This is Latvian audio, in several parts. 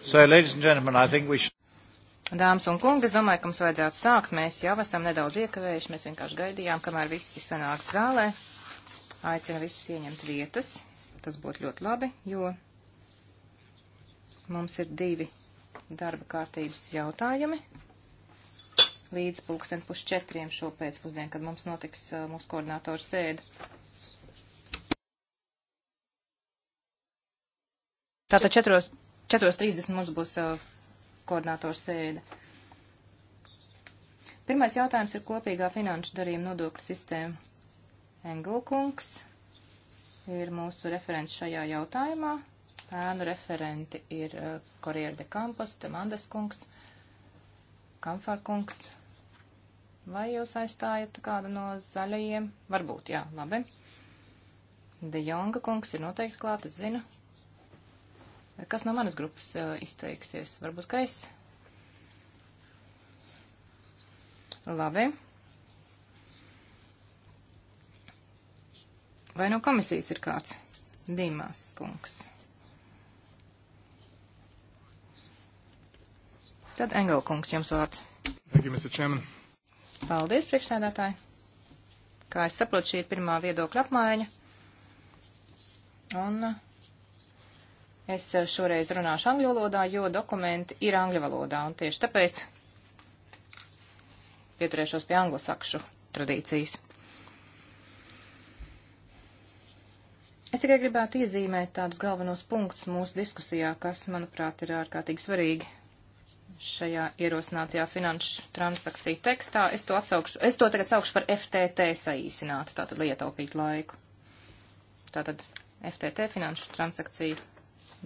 So, ladies and gentlemen, I think we should. Dāmas un kungi, es domāju, ka mums vajadzētu sākt. Mēs jau esam nedaudz iekavējuši, mēs vienkārši gaidījām, kamēr visi sanāks zālē. Aicinu visus ieņemt vietas. Tas būtu ļoti labi, jo mums ir divi darba kārtības jautājumi līdz pulksten pusčetriem šo pēcpusdienu, kad mums notiks uh, mūsu koordinātoru sēde. Tātad četros, 4.30 mums būs uh, koordinātors sēde. Pirmais jautājums ir kopīgā finanšu darījuma nodokļu sistēma. Engelkungs ir mūsu referents šajā jautājumā. Ēnu referenti ir uh, Korier de Campos, Temandes kungs, Kamfar kungs. Vai jūs aizstājat kādu no zaļajiem? Varbūt, jā, labi. De Jonga kungs ir noteikti klāt, es zinu. Kas no manas grupas izteiksies? Varbūt, ka es? Labi. Vai no komisijas ir kāds? Dīmās kungs. Tad Engelkungs jums vārds. Thank you, Mr. Chairman. Paldies, priekšsēdētāji. Kā es saprotu, šī ir pirmā viedokļa apmaiņa. Un uh, Es eh, šoreiz runāšu angļu valodā, jo dokumenti ir angļu valodā, un tieši tāpēc pieturēšos pie anglosakšu tradīcijas. Es tikai gribētu iezīmēt tādus galvenos punktus mūsu diskusijā, kas, manuprāt, ir ārkārtīgi svarīgi šajā ierosinātajā finanšu transakciju tekstā. Es to, atsaukšu, es to tagad saukšu par FTT saīsinātu, tātad, lai ietaupītu laiku. Tātad FTT finanšu transakciju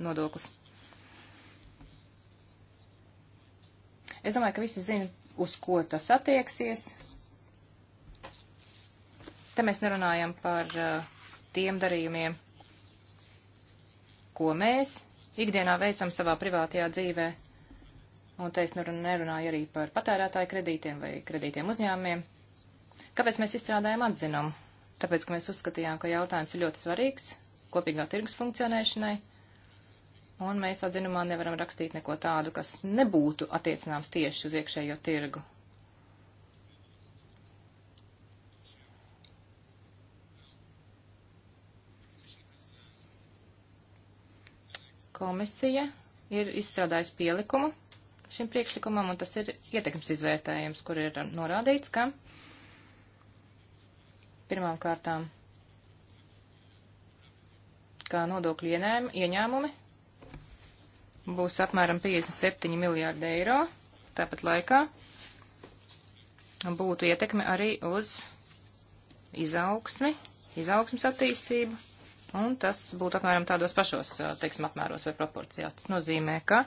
nodoklis. Es domāju, ka visi zina, uz ko tas attieksies. Te mēs nerunājam par uh, tiem darījumiem, ko mēs ikdienā veicam savā privātajā dzīvē. Un te es nerunāju arī par patērētāju kredītiem vai kredītiem uzņēmumiem. Kāpēc mēs izstrādājam atzinumu? Tāpēc, ka mēs uzskatījām, ka jautājums ir ļoti svarīgs kopīgā tirgus funkcionēšanai un mēs atzinumā nevaram rakstīt neko tādu, kas nebūtu attiecināms tieši uz iekšējo tirgu. Komisija ir izstrādājusi pielikumu šim priekšlikumam, un tas ir ietekmes izvērtējums, kur ir norādīts, ka pirmām kārtām, kā nodokļu ieņēmumi būs apmēram 57 miljārdi eiro. Tāpat laikā būtu ietekme arī uz izaugsmi, izaugsmas attīstību, un tas būtu apmēram tādos pašos, teiksim, apmēros vai proporcijās. Tas nozīmē, ka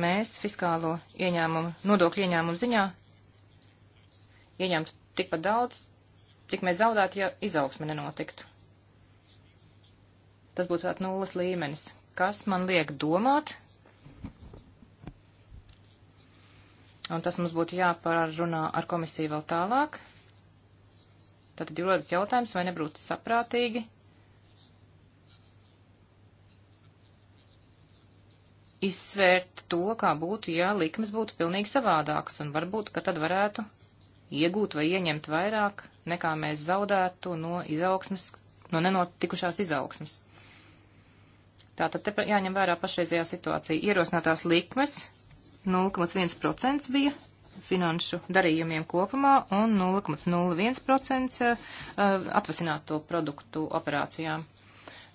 mēs fiskālo ieņēmumu, nodokļu ieņēmumu ziņā ieņemtu tikpat daudz, cik mēs zaudētu, ja izaugsme nenotiktu. Tas būtu tāds nulles līmenis, kas man liek domāt, un tas mums būtu jāpārrunā ar komisiju vēl tālāk. Tātad ir rodas jautājums, vai nebūtu saprātīgi izsvērt to, kā būtu, ja likmes būtu pilnīgi savādākas, un varbūt, ka tad varētu iegūt vai ieņemt vairāk, nekā mēs zaudētu no izaugsmes, no nenotikušās izaugsmes. Tātad te jāņem vērā pašreizējā situācija. Ierosinātās likmes 0,1% bija finanšu darījumiem kopumā un 0,01% eh, eh, atvasināto produktu operācijām.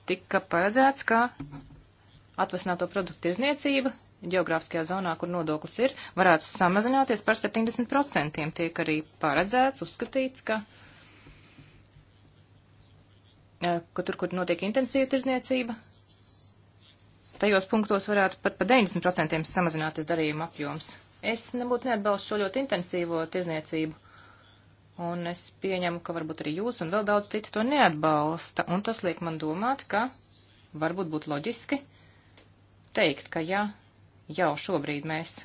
Tika paredzēts, ka atvasināto produktu tirzniecība geogrāfiskajā zonā, kur nodoklis ir, varētu samazināties par 70%. Tiek arī paredzēts, uzskatīts, ka, eh, ka tur, kur notiek intensīva tirzniecība, tajos punktos varētu pat pa 90% samazināties darījuma apjoms. Es nebūtu neatbalstu šo ļoti intensīvo tirzniecību. Un es pieņemu, ka varbūt arī jūs un vēl daudz citi to neatbalsta. Un tas liek man domāt, ka varbūt būtu loģiski teikt, ka ja jau šobrīd mēs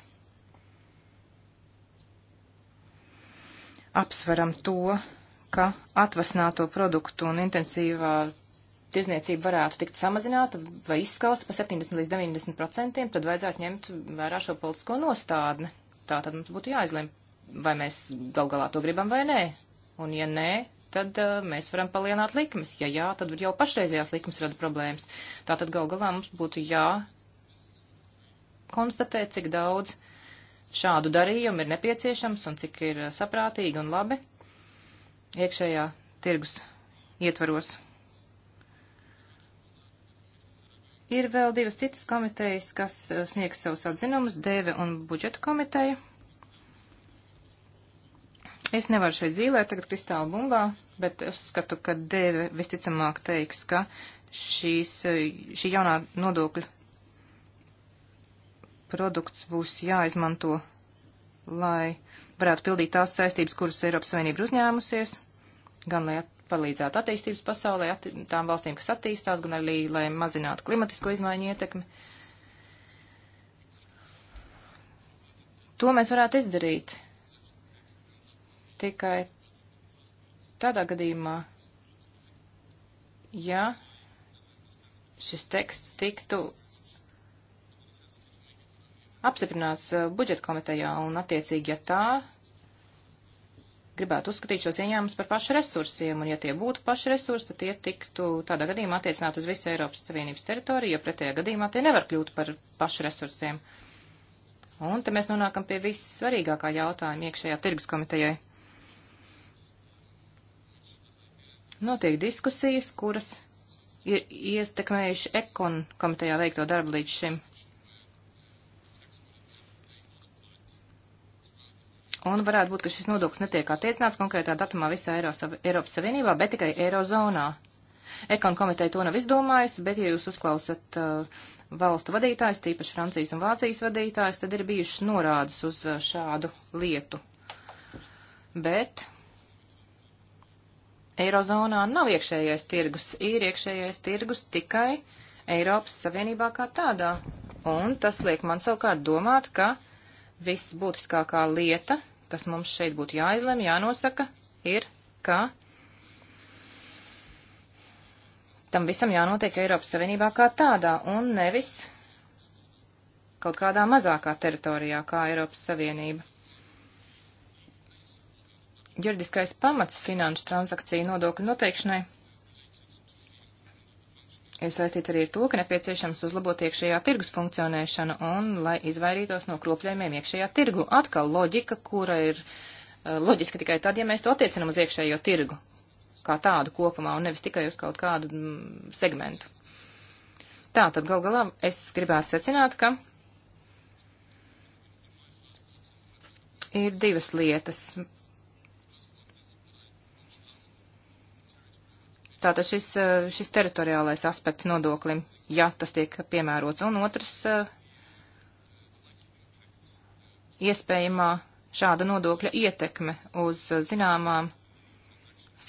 apsveram to, ka atvasināto produktu un intensīvā tirzniecība varētu tikt samazināta vai izskausta par 70 līdz 90 procentiem, tad vajadzētu ņemt vērā šo politisko nostādni. Tā tad mums būtu jāizlem, vai mēs gal galā to gribam vai nē. Un ja nē, tad uh, mēs varam palielināt likmes. Ja jā, tad jau pašreizējās likmes rada problēmas. Tā tad gal galā mums būtu jā konstatē, cik daudz šādu darījumu ir nepieciešams un cik ir saprātīgi un labi iekšējā tirgus ietvaros. Ir vēl divas citas komitejas, kas uh, sniegs savus atzinumus, Dēve un budžeta komiteja. Es nevaru šeit zīlēt tagad kristāla bumbā, bet es skatu, ka Dēve visticamāk teiks, ka šīs, uh, šī jaunā nodokļa produkts būs jāizmanto, lai varētu pildīt tās saistības, kuras Eiropas Savienība uzņēmusies, gan lai palīdzētu attīstības pasaulē, atti tām valstīm, kas attīstās, gan arī, lai mazinātu klimatisko izmaiņu ietekmi. To mēs varētu izdarīt tikai tādā gadījumā, ja šis teksts tiktu apstiprināts uh, budžeta komitejā un attiecīgi, ja tā gribētu uzskatīt šos ieņēmumus par pašu resursiem, un ja tie būtu paši resursi, tad tie tiktu tādā gadījumā attiecināt uz visu Eiropas Savienības teritoriju, jo pretējā gadījumā tie nevar kļūt par pašu resursiem. Un te mēs nonākam pie vissvarīgākā jautājuma iekšējā tirgus komitejai. Notiek diskusijas, kuras ir ietekmējuši ekon komitejā veikto darbu līdz šim. Un varētu būt, ka šis nodoklis netiek attiecināts konkrētā datumā visā Eiropas Savienībā, bet tikai Eirozonā. Ekon komiteja to nav izdomājusi, bet ja jūs uzklausat uh, valstu vadītājs, tīpaši Francijas un Vācijas vadītājs, tad ir bijušas norādes uz uh, šādu lietu. Bet Eirozonā nav iekšējais tirgus, ir iekšējais tirgus tikai Eiropas Savienībā kā tādā. Un tas liek man savukārt domāt, ka viss būtiskākā lieta kas mums šeit būtu jāizlem, jānosaka, ir, ka tam visam jānotiek Eiropas Savienībā kā tādā un nevis kaut kādā mazākā teritorijā kā Eiropas Savienība. Juridiskais pamats finanšu transakciju nodokļu noteikšanai ir saistīts arī ar to, ka nepieciešams uzlabot iekšējā tirgus funkcionēšanu un, lai izvairītos no kropļējumiem iekšējā tirgu. Atkal loģika, kura ir eh, loģiska tikai tad, ja mēs to attiecinam uz iekšējo tirgu kā tādu kopumā un nevis tikai uz kaut kādu mm, segmentu. Tā tad gal galā es gribētu secināt, ka ir divas lietas. Tātad šis, šis teritoriālais aspekts nodoklim, ja tas tiek piemērots, un otrs iespējamā šāda nodokļa ietekme uz zināmām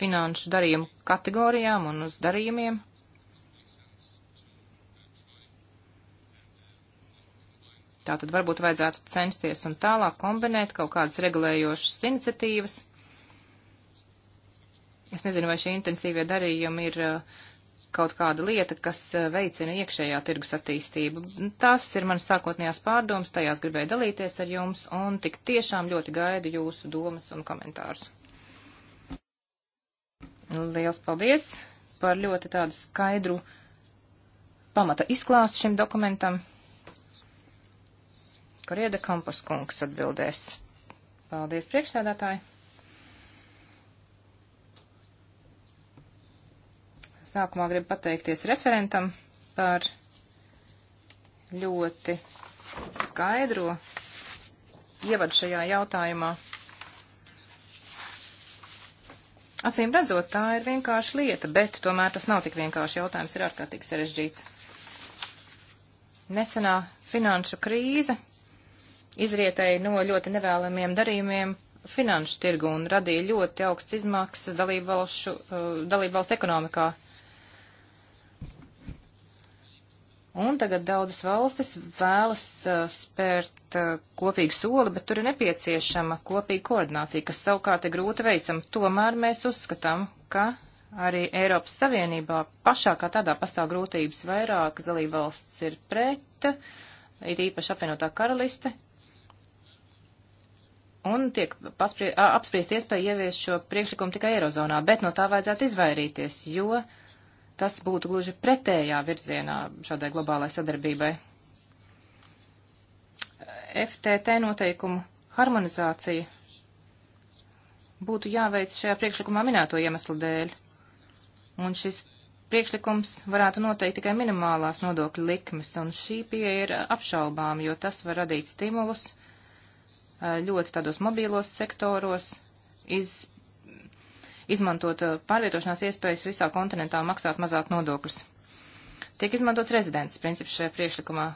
finanšu darījumu kategorijām un uz darījumiem. Tātad varbūt vajadzētu censties un tālāk kombinēt kaut kādas regulējošas iniciatīvas Es nezinu, vai šie intensīvie darījumi ir uh, kaut kāda lieta, kas uh, veicina iekšējā tirgus attīstību. Tās ir manas sākotnējās pārdomas, tajās gribēju dalīties ar jums, un tik tiešām ļoti gaidu jūsu domas un komentārus. Liels paldies par ļoti tādu skaidru pamata izklāstu šim dokumentam. Korieda Kampas kungs atbildēs. Paldies, priekšsēdētāji! Sākumā gribu pateikties referentam par ļoti skaidro ievadu šajā jautājumā. Acīm redzot, tā ir vienkārši lieta, bet tomēr tas nav tik vienkārši jautājums, ir ārkārtīgi sarežģīts. Nesenā finanšu krīze izrietēja no ļoti nevēlamiem darījumiem finanšu tirgu un radīja ļoti augsts izmaksas dalību uh, valstu ekonomikā. Un tagad daudzas valstis vēlas uh, spērt uh, kopīgu soli, bet tur ir nepieciešama kopīga koordinācija, kas savukārt ir grūti veicama. Tomēr mēs uzskatām, ka arī Eiropas Savienībā pašā kā tādā pastāv grūtības vairāk, dalībvalsts ir pret, ir īpaši apvienotā karaliste. Un tiek pasprie, apspriest iespēju ieviest šo priekšlikumu tikai Eirozonā, bet no tā vajadzētu izvairīties, jo uh, tas būtu gluži pretējā virzienā šādai globālai sadarbībai. FTT noteikumu harmonizācija būtu jāveic šajā priekšlikumā minēto iemeslu dēļ, un šis priekšlikums varētu noteikt tikai minimālās nodokļu likmes, un šī pieeja ir apšaubām, jo tas var radīt stimulus eh, ļoti tādos mobīlos sektoros, iz izmantot eh, pārvietošanās iespējas visā kontinentā un maksāt mazāk nodokļus. Tiek izmantots rezidents princips šajā priekšlikumā.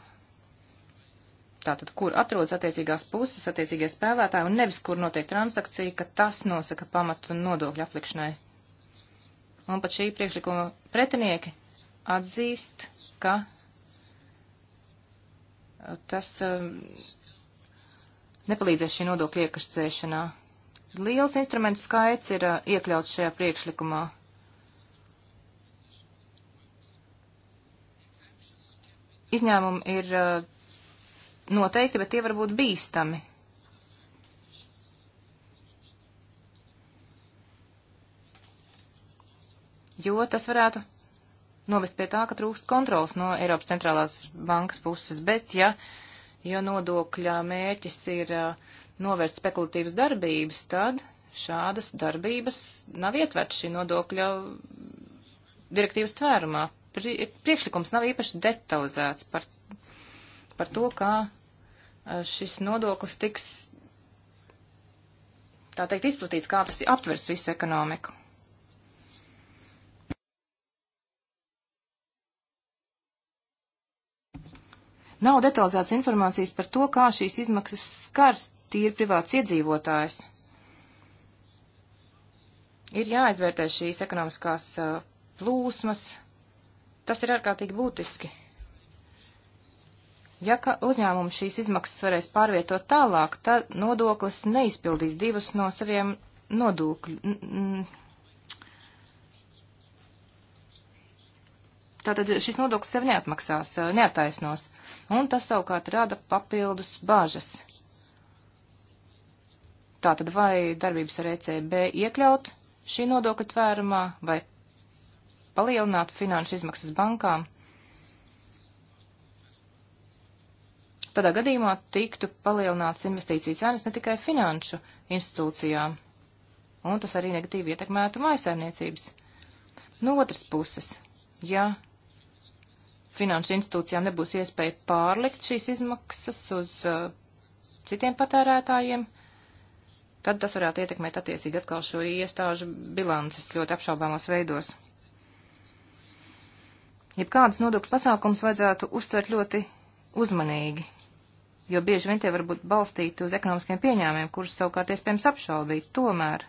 Tātad, kur atrodas attiecīgās puses, attiecīgie spēlētāji, un nevis, kur notiek transakcija, ka tas nosaka pamatu nodokļu aplikšanai. Un pat šī priekšlikuma pretinieki atzīst, ka eh, tas um, nepalīdzēs šī nodokļa iekascēšanā. Liels instrumentu skaits ir iekļauts šajā priekšlikumā. Izņēmumi ir noteikti, bet tie var būt bīstami. Jo tas varētu novest pie tā, ka trūkst kontrols no Eiropas centrālās bankas puses, bet ja, ja nodokļa mērķis ir novērst spekulatīvas darbības, tad šādas darbības nav ietverts šī nodokļa direktīvas tvērumā. Priekšlikums nav īpaši detalizēts par, par to, kā e, šis nodoklis tiks, tā teikt, izplatīts, kā tas aptvers visu ekonomiku. Nav detalizētas informācijas par to, kā šīs izmaksas skars tīri privāts iedzīvotājs. Ir jāizvērtē šīs ekonomiskās uh, plūsmas. Tas ir ārkārtīgi būtiski. Ja uzņēmums šīs izmaksas varēs pārvietot tālāk, tad nodoklis neizpildīs divus no saviem nodokļu. Tātad šis nodoklis sev neatmaksās, uh, neataisnos, un tas savukārt rada papildus bāžas. Tātad vai darbības ar ECB iekļaut šī nodokļa tvērumā vai palielināt finanšu izmaksas bankām? Tādā gadījumā tiktu palielināts investīciju cenas ne tikai finanšu institūcijām, un tas arī negatīvi ietekmētu mājasēmniecības. No otras puses, ja finanšu institūcijām nebūs iespēja pārlikt šīs izmaksas uz uh, citiem patērētājiem, uh, tad tas varētu ietekmēt attiecīgi atkal šo iestāžu bilances ļoti apšaubāmos veidos. Jebkādus nodokļu pasākums vajadzētu uztvert ļoti uzmanīgi, jo bieži vien tie var būt balstīti uz ekonomiskiem pieņēmumiem, kurus savukārt iespējams apšaubīt. Tomēr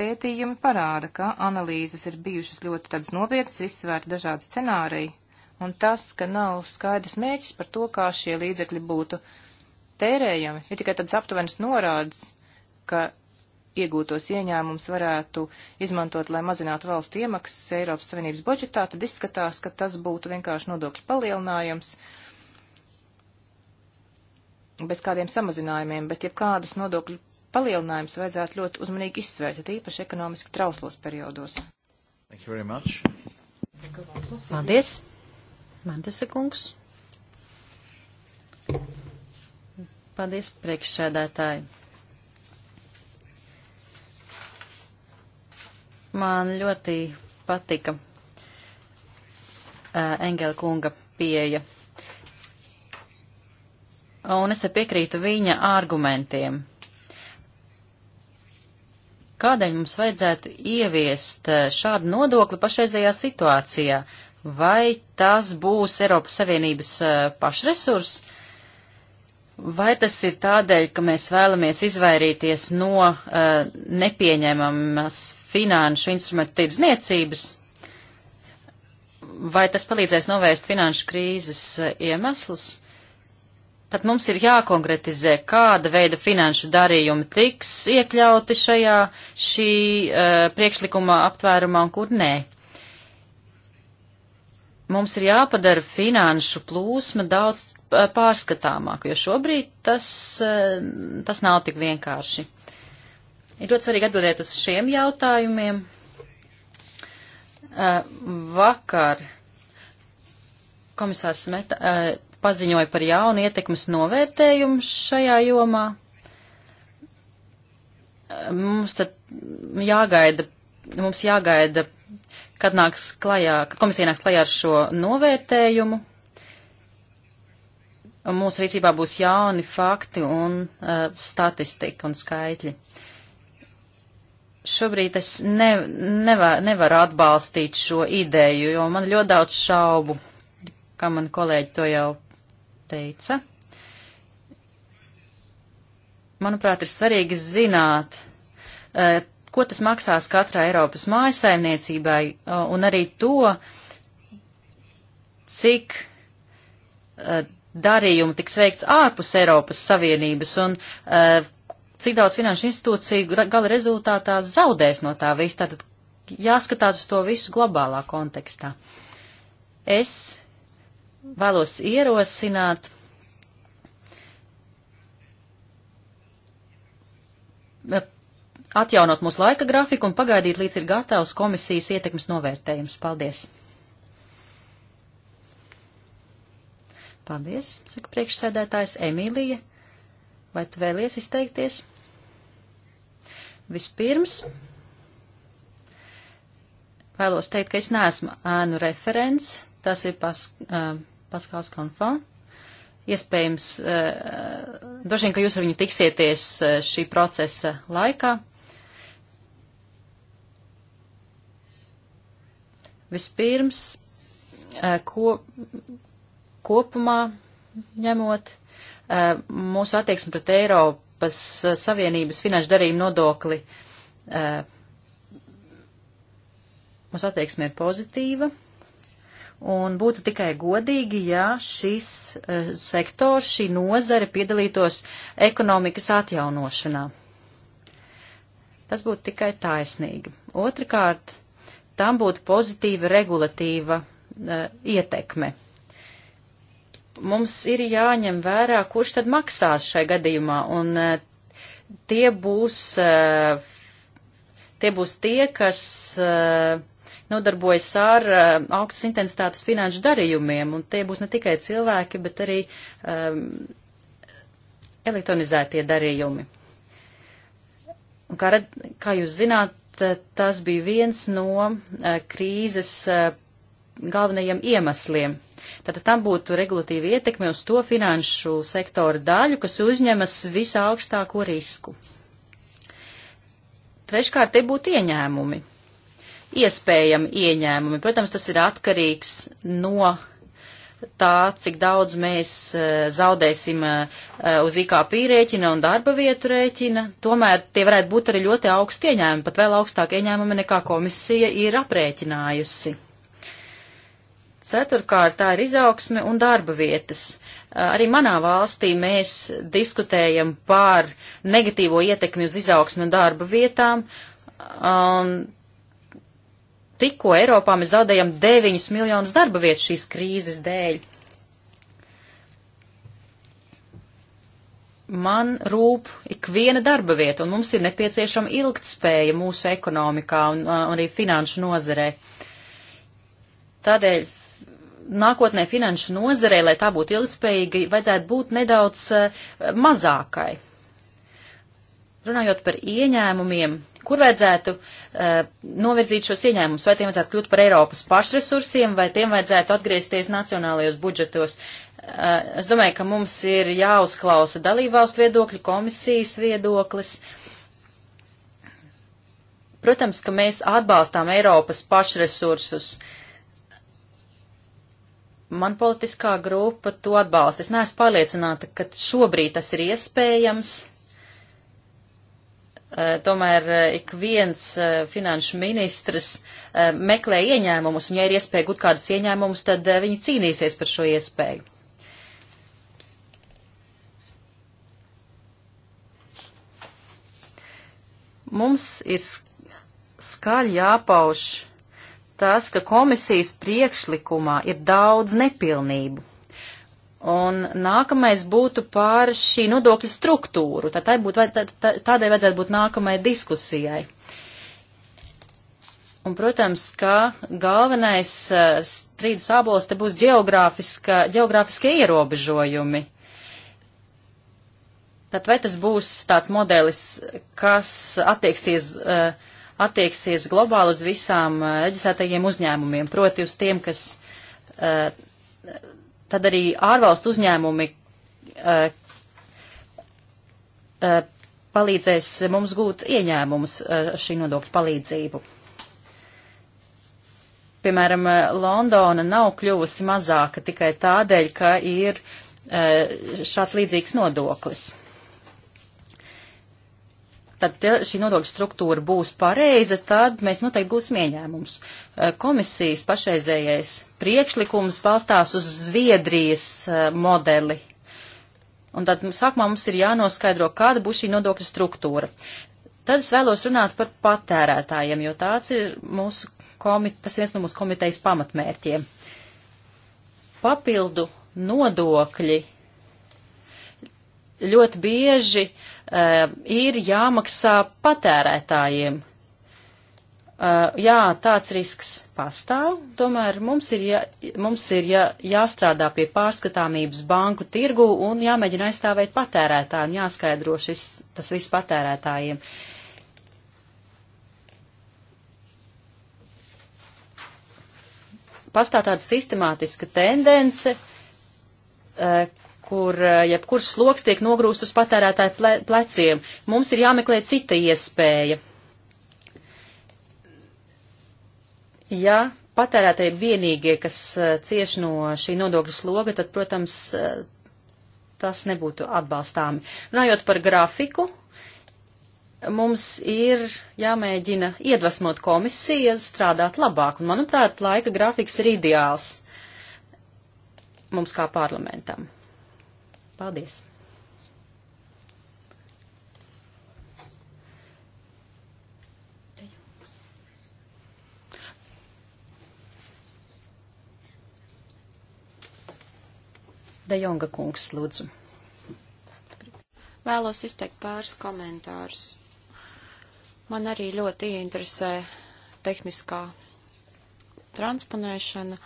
pētījumi parāda, ka analīzes ir bijušas ļoti tādas nopietnas, izsvērta dažādi scenāriji, un tas, ka nav skaidrs mērķis par to, kā šie līdzekļi būtu uh, tērējami, ir tikai tāds aptuvenas norādes, ka iegūtos ieņēmums varētu izmantot, lai mazinātu valstu iemaksas Eiropas Savienības budžetā, tad izskatās, ka tas būtu vienkārši nodokļu palielinājums bez kādiem samazinājumiem, bet jebkādus nodokļu palielinājumus vajadzētu ļoti uzmanīgi izsvērt, tīpaši ekonomiski trauslos periodos. Paldies! Mandesa kungs. Paldies, priekšsēdētāji. Man ļoti patika uh, Engela kunga pieeja. Un es piekrītu viņa argumentiem. Kādēļ mums vajadzētu ieviest šādu nodokli pašreizējā situācijā? Vai tas būs Eiropas Savienības uh, pašresurss? Vai tas ir tādēļ, ka mēs vēlamies izvairīties no uh, nepieņemamas finanšu instrumentu tirdzniecības? Vai tas palīdzēs novērst finanšu krīzes uh, iemeslus? Tad mums ir jākonkretizē, kāda veida finanšu darījumi tiks iekļauti šajā šī uh, priekšlikuma aptvērumā un kur nē. Uh, mums ir jāpadara finanšu plūsma daudz pārskatāmāk, jo šobrīd tas, tas nav tik vienkārši. Ir ļoti svarīgi atbildēt uz šiem jautājumiem. Vakar komisārs Meta paziņoja par jaunu ietekmes novērtējumu šajā jomā. Mums tad jāgaida, mums jāgaida kad nāks klajā, kad komisija nāks klajā ar šo novērtējumu. Mūsu rīcībā būs jauni fakti un uh, statistika un skaitļi. Šobrīd es ne, nevar, nevaru atbalstīt šo ideju, jo man ļoti daudz šaubu, kā man kolēģi to jau teica. Manuprāt, ir svarīgi zināt, uh, ko tas maksās katrai Eiropas mājasaimniecībai uh, un arī to, cik uh, darījumu tiks veikts ārpus Eiropas Savienības un uh, cik daudz finanšu institūciju gala rezultātā zaudēs no tā visu. Tātad jāskatās uz to visu globālā kontekstā. Es vēlos ierosināt atjaunot mūsu laika grafiku un pagaidīt, līdz ir gatavs komisijas ietekmes novērtējums. Paldies! Paldies, saka priekšsēdētājs Emīlija. Vai tu vēlies izteikties? Vispirms vēlos teikt, ka es neesmu ēnu referents, tas ir pas, uh, Paskals Konfons iespējams, eh, droši vien, ka jūs ar viņu tiksieties eh, šī procesa laikā. Vispirms, eh, ko, kopumā ņemot, eh, mūsu attieksme pret Eiropas eh, Savienības finanšu darījumu nodokli, mūsu attieksme ir pozitīva. Un būtu tikai godīgi, ja šis sektors, šī nozare piedalītos ekonomikas atjaunošanā. Tas būtu tikai taisnīgi. Otrakārt, uh, tam būtu pozitīva regulatīva uh, ietekme. Mums ir jāņem vērā, kurš tad maksās šai gadījumā, un uh, tie būs, uh, tie būs tie, kas nodarbojas ar augstas intensitātes finanšu darījumiem, un tie būs ne tikai cilvēki, bet arī um, elektronizētie darījumi. Un kā, red, kā jūs zināt, Eh, tas bija viens no eh, krīzes eh, galvenajiem iemesliem. Tātad tam būtu regulatīva ietekme uz to finanšu sektoru daļu, kas uzņemas visā augstāko risku. Treškārt, te būtu ieņēmumi. Iespējami ieņēmumi. Protams, tas ir atkarīgs no tā, cik daudz mēs eh, zaudēsim eh, eh, uz IKP rēķina un darba vietu rēķina, tomēr tie varētu būt arī ļoti augsti ieņēmumi, pat vēl augstāk ieņēmumi nekā komisija ir aprēķinājusi. Ceturkārt, tā ir izaugsme un darba vietas. Arī manā valstī mēs diskutējam par negatīvo ietekmi uz izaugsmi un darba vietām. Un tikko Eiropā mēs zaudējam 9 miljonus darba vietu šīs krīzes dēļ. Man rūp ikviena darba vieta, un mums ir nepieciešama ilgtspēja mūsu ekonomikā un, un arī finanšu nozarē. Tādēļ nākotnē finanšu nozarē, lai tā būtu ilgspējīga, vajadzētu būt nedaudz uh, mazākai. Runājot par ieņēmumiem, kur vajadzētu uh, novirzīt šos ieņēmumus, vai tiem vajadzētu kļūt par Eiropas pašresursiem, vai tiem vajadzētu atgriezties nacionālajos budžetos. Uh, es domāju, ka mums ir jāuzklausa dalībvalstu viedokļi, komisijas viedoklis. Protams, ka mēs atbalstām Eiropas pašresursus. Man politiskā grupa to atbalsta. Es neesmu pārliecināta, ka šobrīd tas ir iespējams Eh, tomēr eh, ik viens eh, finanšu ministrs meklē ieņēmumus, un ja ir iespēja gūt kādus ieņēmumus, tad viņi cīnīsies par šo iespēju. Mums ir skaļi jāpauž tas, ka komisijas priekšlikumā ir daudz nepilnību. Un nākamais būtu pār šī nodokļa struktūru. Tā būtu, tādai vajadzētu būt nākamajai diskusijai. Un, protams, ka galvenais eh, strīdus ābols te būs geogrāfiskie ierobežojumi. Tad vai tas būs tāds modelis, kas attieksies, eh, attieksies globāli uz visām eh, reģistrētajiem uzņēmumiem, proti uz tiem, kas tad arī ārvalstu uzņēmumi uh, uh, palīdzēs mums gūt ieņēmumus uh, šī nodokļa palīdzību. Piemēram, Londona nav kļuvusi mazāka tikai tādēļ, ka ir šāds līdzīgs nodoklis tad šī nodokļa struktūra būs pareiza, tad mēs noteikti gūsim ieņēmumus. Eh, komisijas pašreizējais priekšlikums balstās uz Zviedrijas eh, modeli. Un tad sākumā mums ir jānoskaidro, kāda būs šī nodokļa struktūra. Tad es vēlos runāt par patērētājiem, jo tāds ir mūsu komit, tas viens no mūsu komitejas pamatmērķiem. Papildu nodokļi ļoti bieži uh, ir jāmaksā patērētājiem. Uh, jā, tāds risks pastāv, tomēr mums ir, jā, mums ir jā, jāstrādā pie pārskatāmības banku tirgu un jāmēģina aizstāvēt patērētāju un jāskaidro šis, tas viss patērētājiem. Pastāv tāda sistemātiska tendence, uh, kur eh, jebkurš sloks tiek nogrūst uz patērētāju pleciem. Mums ir jāmeklē cita iespēja. Ja patērētāji ir vienīgie, kas eh, cieši no šī nodokļu sloga, tad, protams, eh, tas nebūtu atbalstāmi. Runājot par grafiku, mums ir jāmēģina iedvesmot komisijas strādāt labāk, un, manuprāt, laika grafiks ir ideāls mums kā parlamentam. Paldies! De Jonga kungs, lūdzu. Vēlos izteikt pāris komentārus. Man arī ļoti interesē tehniskā transponēšana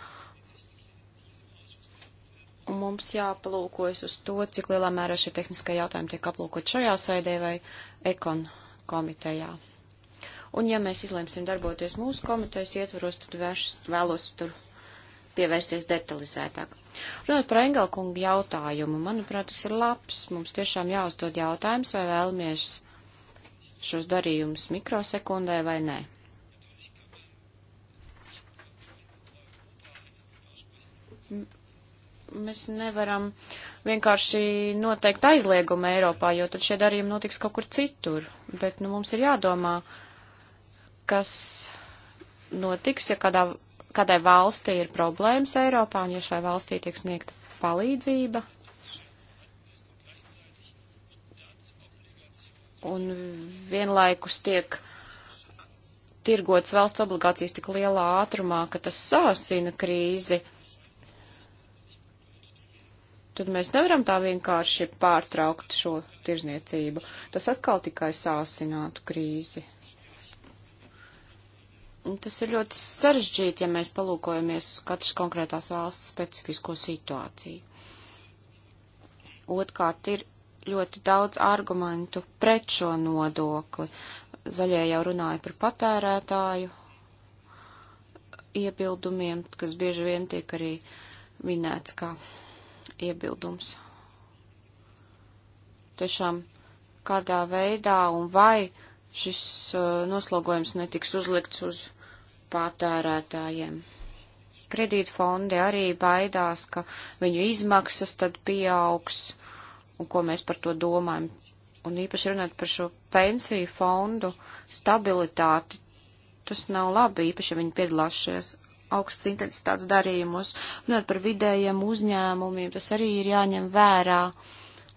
mums jāpalūkojas uz to, cik lielā mērā šie tehniskie jautājumi tiek aplūkot šajā sēdē vai ekon komitejā. Un ja mēs izlemsim darboties mūsu komitejas ietvaros, tad vēš, vēlos tur pievērsties detalizētāk. Runāt par Engelkungu jautājumu, manuprāt, tas ir labs. Mums tiešām jāuzdod jautājums, vai vēlamies šos darījumus mikrosekundē vai nē mēs nevaram vienkārši noteikt aizliegumu Eiropā, jo tad šie darījumi notiks kaut kur citur. Bet nu, mums ir jādomā, kas notiks, ja kādā, kādai valstī ir problēmas Eiropā un ja šai valstī tiek sniegta palīdzība. Un vienlaikus tiek tirgots valsts obligācijas tik lielā ātrumā, ka tas sāsina krīzi tad mēs nevaram tā vienkārši pārtraukt šo tirzniecību. Tas atkal tikai sāsinātu krīzi. Tas ir ļoti sarežģīti, ja mēs palūkojamies uz katras konkrētās valsts specifisko situāciju. Otkārt, ir ļoti daudz argumentu pret šo nodokli. Zaļie jau runāja par patērētāju iebildumiem, kas bieži vien tiek arī minēts kā iebildums. Tiešām kādā veidā un vai šis uh, noslogojums netiks uzlikts uz patērētājiem. Kredītfondi arī baidās, ka viņu izmaksas tad pieaugs un ko mēs par to domājam. Un īpaši runāt par šo pensiju fondu stabilitāti, tas nav labi, īpaši, ja viņi piedalās šajās augstas intensitātes darījumus. Runāt par vidējiem uzņēmumiem, tas arī ir jāņem vērā.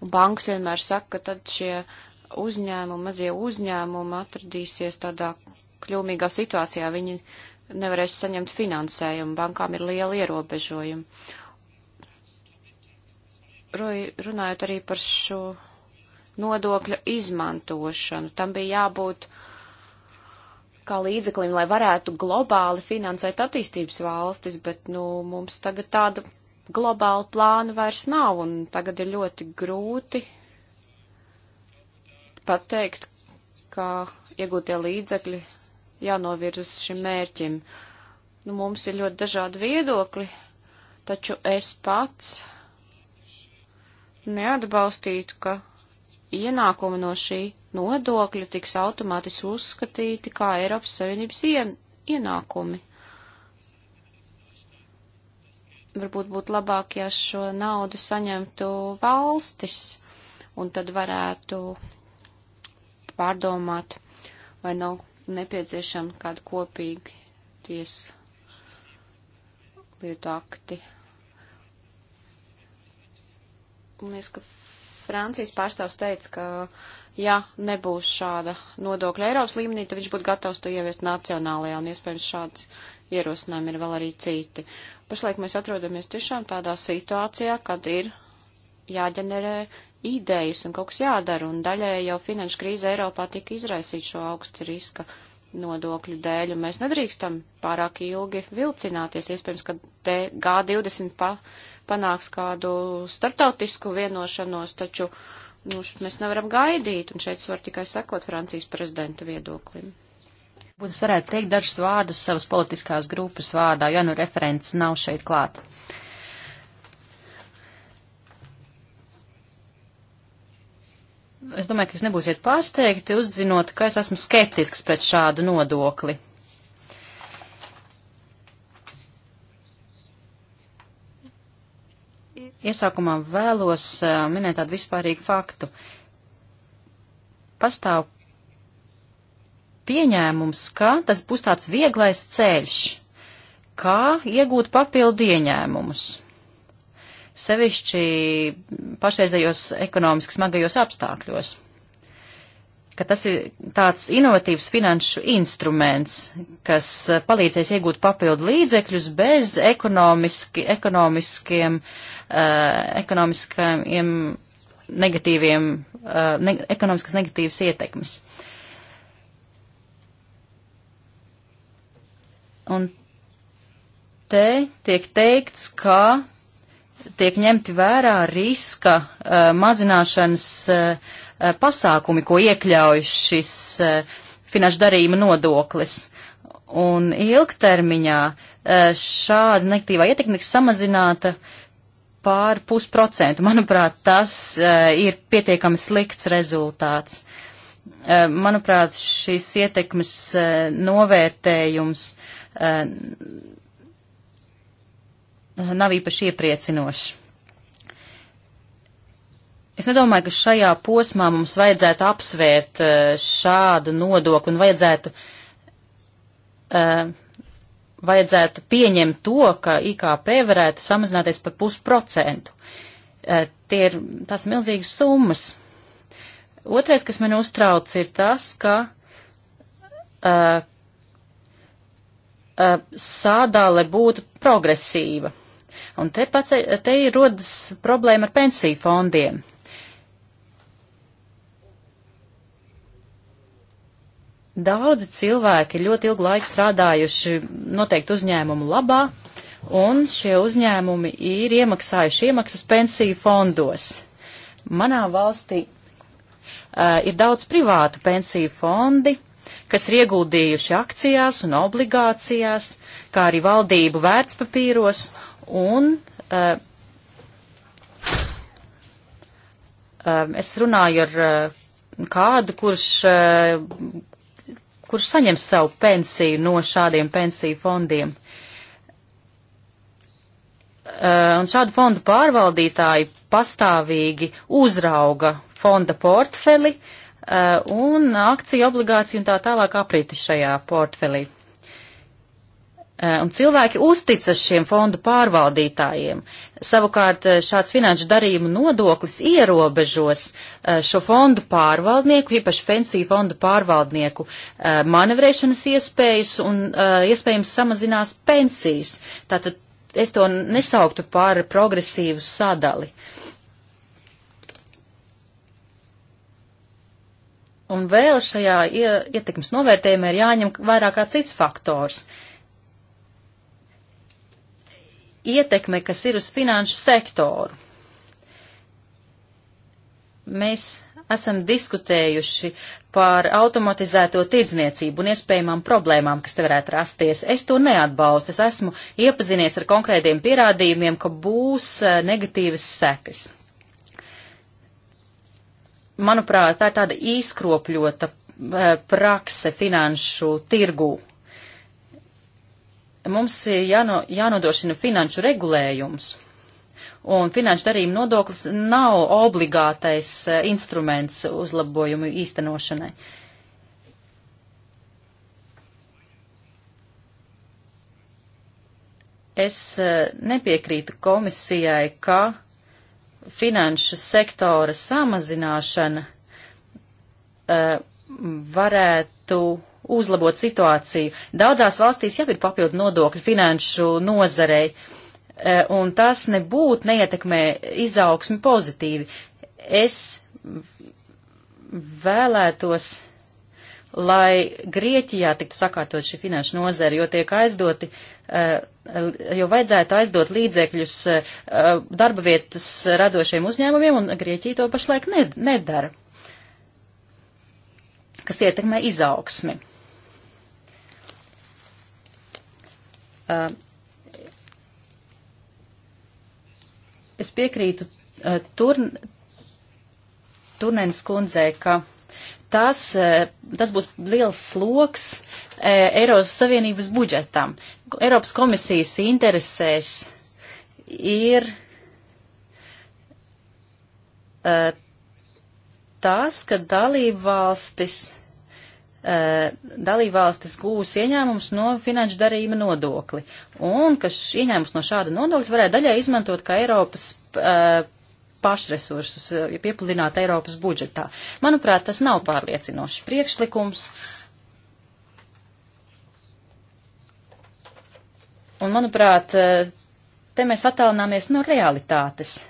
Un bankas vienmēr saka, ka tad šie uzņēmumi, mazie uzņēmumi atradīsies tādā kļūmīgā situācijā. Viņi nevarēs saņemt finansējumu, bankām ir liela ierobežojuma. Runājot arī par šo nodokļu izmantošanu, tam bija jābūt kā līdzeklim, lai varētu globāli finansēt attīstības valstis, bet, nu, mums tagad tāda globāla plāna vairs nav, un tagad ir ļoti grūti pateikt, kā iegūtie līdzekļi jānovirz šim mērķim. Nu, mums ir ļoti dažādi viedokļi, taču es pats neatbalstītu, ka ienākumi no šī nodokļi tiks automātiski uzskatīti kā Eiropas Savienības ien ienākumi. Varbūt būtu labāk, ja šo naudu saņemtu valstis, un tad varētu pārdomāt, vai nav nepieciešama kāda kopīga tiesa lietu akti. Un es, ka Francijas pārstāvs teica, ka ja nebūs šāda nodokļa Eiropas līmenī, tad viņš būtu gatavs to ieviest nacionālajā, un iespējams šāds ierosinājumi ir vēl arī citi. Pašlaik mēs atrodamies tiešām tādā situācijā, kad ir jāģenerē idejas un kaut kas jādara, un daļēji jau finanšu krīze Eiropā tika izraisīta šo augstu riska nodokļu dēļ, un mēs nedrīkstam pārāk ilgi vilcināties. Iespējams, ka G20 pa, panāks kādu startautisku vienošanos, taču uh, nu, mēs nevaram gaidīt, un šeit es varu tikai sekot Francijas prezidenta viedoklim. Būtu es varētu teikt dažus vārdus savas politiskās grupas vārdā, jo nu referents nav šeit klāt. Es domāju, ka jūs nebūsiet pārsteigti uzzinot, ka es esmu skeptisks pret šādu nodokli. Iesākumā vēlos minēt tādu vispārīgu faktu. Pastāv pieņēmums, ka tas būs tāds vieglais ceļš, kā iegūt papildu ieņēmumus. Sevišķi pašreizējos ekonomiski smagajos apstākļos ka tas ir tāds inovatīvs finanšu instruments, kas eh, palīdzēs iegūt papildu līdzekļus bez ekonomiski, ekonomiskiem, uh, eh, ekonomiskiem negatīviem, uh, ne, ekonomiskas negatīvas ietekmes. Un te tiek teikts, ka tiek ņemti vērā riska uh, mazināšanas uh, Eh, pasākumi, ko iekļauj šis eh, finanšu darījuma nodoklis. Un ilgtermiņā eh, šāda negatīvā ietekme tiks samazināta pār pusprocentu. Manuprāt, tas ir pietiekami slikts rezultāts. Manuprāt, šīs ietekmes novērtējums nav īpaši iepriecinošs. Es nedomāju, ka šajā posmā mums vajadzētu apsvērt eh, šādu nodokli un vajadzētu, eh, vajadzētu pieņemt to, ka IKP varētu samazināties par pusprocentu. Eh, tie ir tās milzīgas summas. Otrais, kas man uztrauc, ir tas, ka sādāle būtu progresīva. Un te, pats, te ir rodas problēma ar pensiju fondiem. Uh, Daudzi cilvēki ļoti ilgu laiku strādājuši noteikti uzņēmumu labā, un šie uzņēmumi ir iemaksājuši iemaksas pensiju fondos. Manā valstī uh, ir daudz privātu pensiju fondi, kas ir ieguldījuši akcijās un obligācijās, kā arī valdību vērtspapīros un. Uh, uh, Es runāju ar uh, kādu, kurš uh, kurš saņem savu pensiju no šādiem pensiju fondiem. Eh, un šādu fondu pārvaldītāji pastāvīgi uzrauga fonda portfeli eh, un akciju obligāciju un tā tālāk apriti šajā portfelī. Eh, un cilvēki uzticas šiem fondu pārvaldītājiem. Savukārt eh, šāds finanšu darījumu nodoklis ierobežos eh, šo fondu pārvaldnieku, īpaši pensiju fondu pārvaldnieku manevrēšanas iespējas un iespējams samazinās pensijas. Tātad es to nesauktu par progresīvu sadali. Un vēl šajā ietekmes novērtējumā ir jāņem vairāk kā cits faktors. Uh, ietekme, kas ir uz finanšu sektoru. Mēs esam diskutējuši par automatizēto tirdzniecību un iespējamām problēmām, kas te varētu rasties. Es to neatbalstu. Es esmu iepazinies ar konkrētiem pierādījumiem, ka būs eh, negatīvas sekas. Manuprāt, tā ir tāda īskropļota eh, prakse finanšu tirgū mums ir jāno, jānodrošina finanšu regulējums. Un finanšu darījuma nodoklis nav obligātais uh, instruments uzlabojumu īstenošanai. Es uh, nepiekrītu komisijai, ka finanšu sektora samazināšana uh, varētu uzlabot situāciju. Daudzās valstīs jau ir papildu nodokļi finanšu nozarei, e, un tas nebūtu neietekmē izaugsmi pozitīvi. Es vēlētos, lai Grieķijā tiktu sakārtot šī finanšu nozara, jo tiek aizdoti, e, jo vajadzētu aizdot līdzekļus e, darba vietas radošiem uzņēmumiem, un Grieķija to pašlaik nedara kas ietekmē izaugsmi. Uh, es piekrītu uh, turn, Turnēnas kundzē, ka tas, uh, tas būs liels sloks uh, Eiropas Savienības budžetam. Eiropas komisijas interesēs ir uh, tas, ka dalību valstis E, dalībvalstis gūs ieņēmums no finanšu darījuma nodokli, un ka šis ieņēmums no šāda nodokļa varētu daļai izmantot kā Eiropas uh, pašresursus, e, ja piepludināt Eiropas budžetā. Manuprāt, tas nav pārliecinošs priekšlikums. Un, manuprāt, te mēs attālināmies no realitātes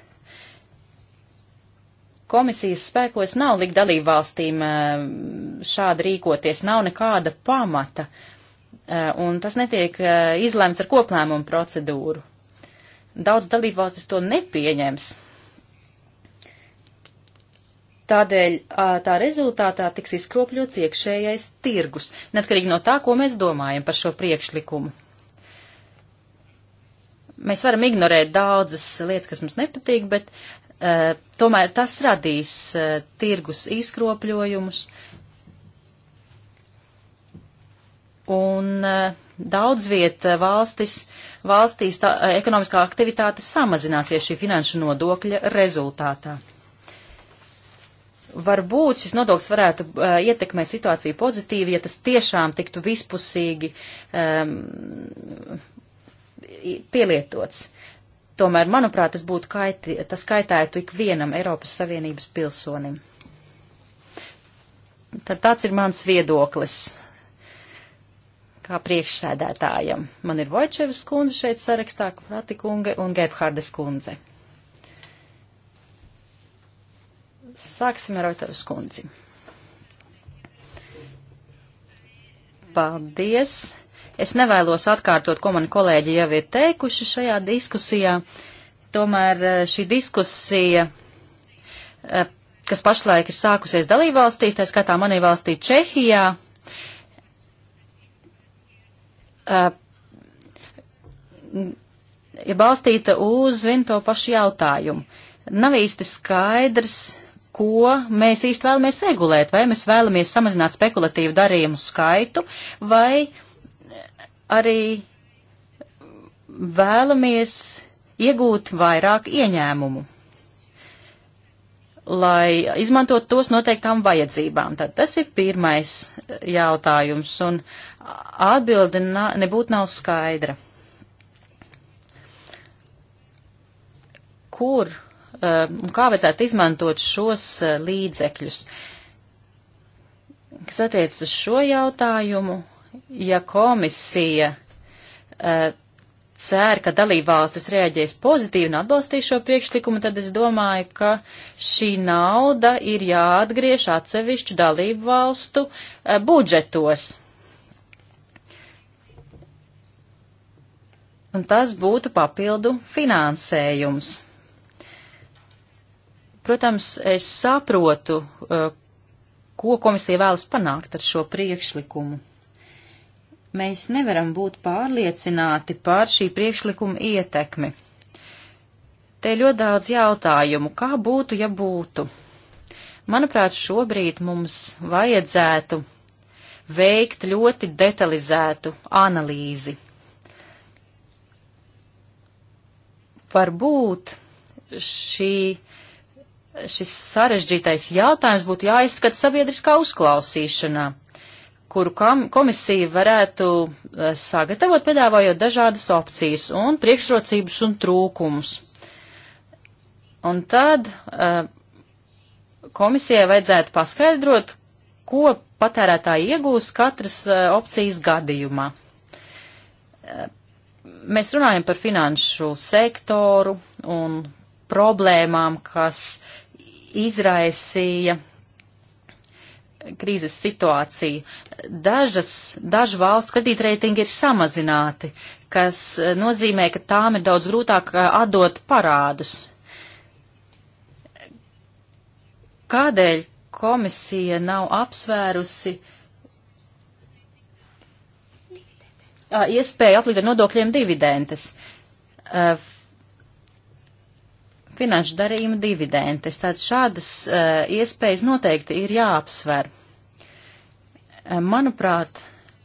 komisijas spēkos nav likt dalību valstīm eh, šādi rīkoties, nav nekāda pamata, eh, un tas netiek eh, izlēmts ar koplēmumu procedūru. Daudz dalību valstis to nepieņems. Tādēļ tā rezultātā tiks izkropļots iekšējais tirgus, netkarīgi no tā, ko mēs domājam par šo priekšlikumu. Mēs varam ignorēt daudzas lietas, kas mums nepatīk, bet uh, Eh, tomēr tas radīs eh, tirgus izkropļojumus. Un eh, daudz viet valstis, valstīs tā, ekonomiskā aktivitāte samazināsies šī finanšu nodokļa rezultātā. Varbūt šis nodoklis varētu uh, ietekmēt situāciju pozitīvi, ja tas tiešām tiktu vispusīgi um, pielietots. Tomēr, manuprāt, tas būtu kaiti, tas kaitētu ikvienam Eiropas Savienības pilsonim. Tad tāds ir mans viedoklis kā priekšsēdētājam. Man ir Vojčevas kundze šeit sarakstā, Prati kunga un Gebhardes kundze. Sāksim ar Vojčevas kundzi. Paldies! Es nevēlos atkārtot, ko mani kolēģi jau ir teikuši šajā diskusijā. Tomēr eh, šī diskusija, eh, kas pašlaik ir sākusies dalībvalstīs, tā skatā manī valstī Čehijā, eh, ir balstīta uz vien to pašu jautājumu. Nav īsti skaidrs, ko mēs īsti vēlamies regulēt, vai mēs vēlamies samazināt spekulatīvu darījumu skaitu, vai uh, arī vēlamies iegūt vairāk ieņēmumu, lai izmantot tos noteiktām vajadzībām. Tad tas ir pirmais jautājums, un atbilde nebūtu nav skaidra. Kur eh, un kā vajadzētu izmantot šos eh, līdzekļus? Kas attiecas uz šo jautājumu, ja komisija uh, cer, ka dalībvalstis reaģēs pozitīvi un atbalstīs šo priekšlikumu, tad es domāju, ka šī nauda ir jāatgriež atsevišķu dalībvalstu uh, budžetos. Un tas būtu papildu finansējums. Protams, es saprotu, uh, ko komisija vēlas panākt ar šo priekšlikumu mēs nevaram būt pārliecināti par šī priekšlikuma ietekmi. Te ir ļoti daudz jautājumu, kā būtu, ja būtu. Manuprāt, šobrīd mums vajadzētu veikt ļoti detalizētu analīzi. Varbūt šī, šis sarežģītais jautājums būtu jāizskata sabiedriskā uzklausīšanā kuru komisija varētu eh, sagatavot, piedāvājot dažādas opcijas un priekšrocības un trūkumus. Un tad eh, komisijai vajadzētu paskaidrot, ko patērētāji iegūs katras eh, opcijas gadījumā. Mēs runājam par finanšu sektoru un problēmām, kas izraisīja krīzes situāciju. Dažas, dažu valstu kredītreitingi ir samazināti, kas eh, nozīmē, ka tām ir daudz grūtāk eh, atdot parādus. Kādēļ komisija nav apsvērusi ah, iespēju aplikt ar nodokļiem dividendes? Eh, finanšu darījumu dividendes. Tātad šādas uh, iespējas noteikti ir jāapsver. Uh, manuprāt,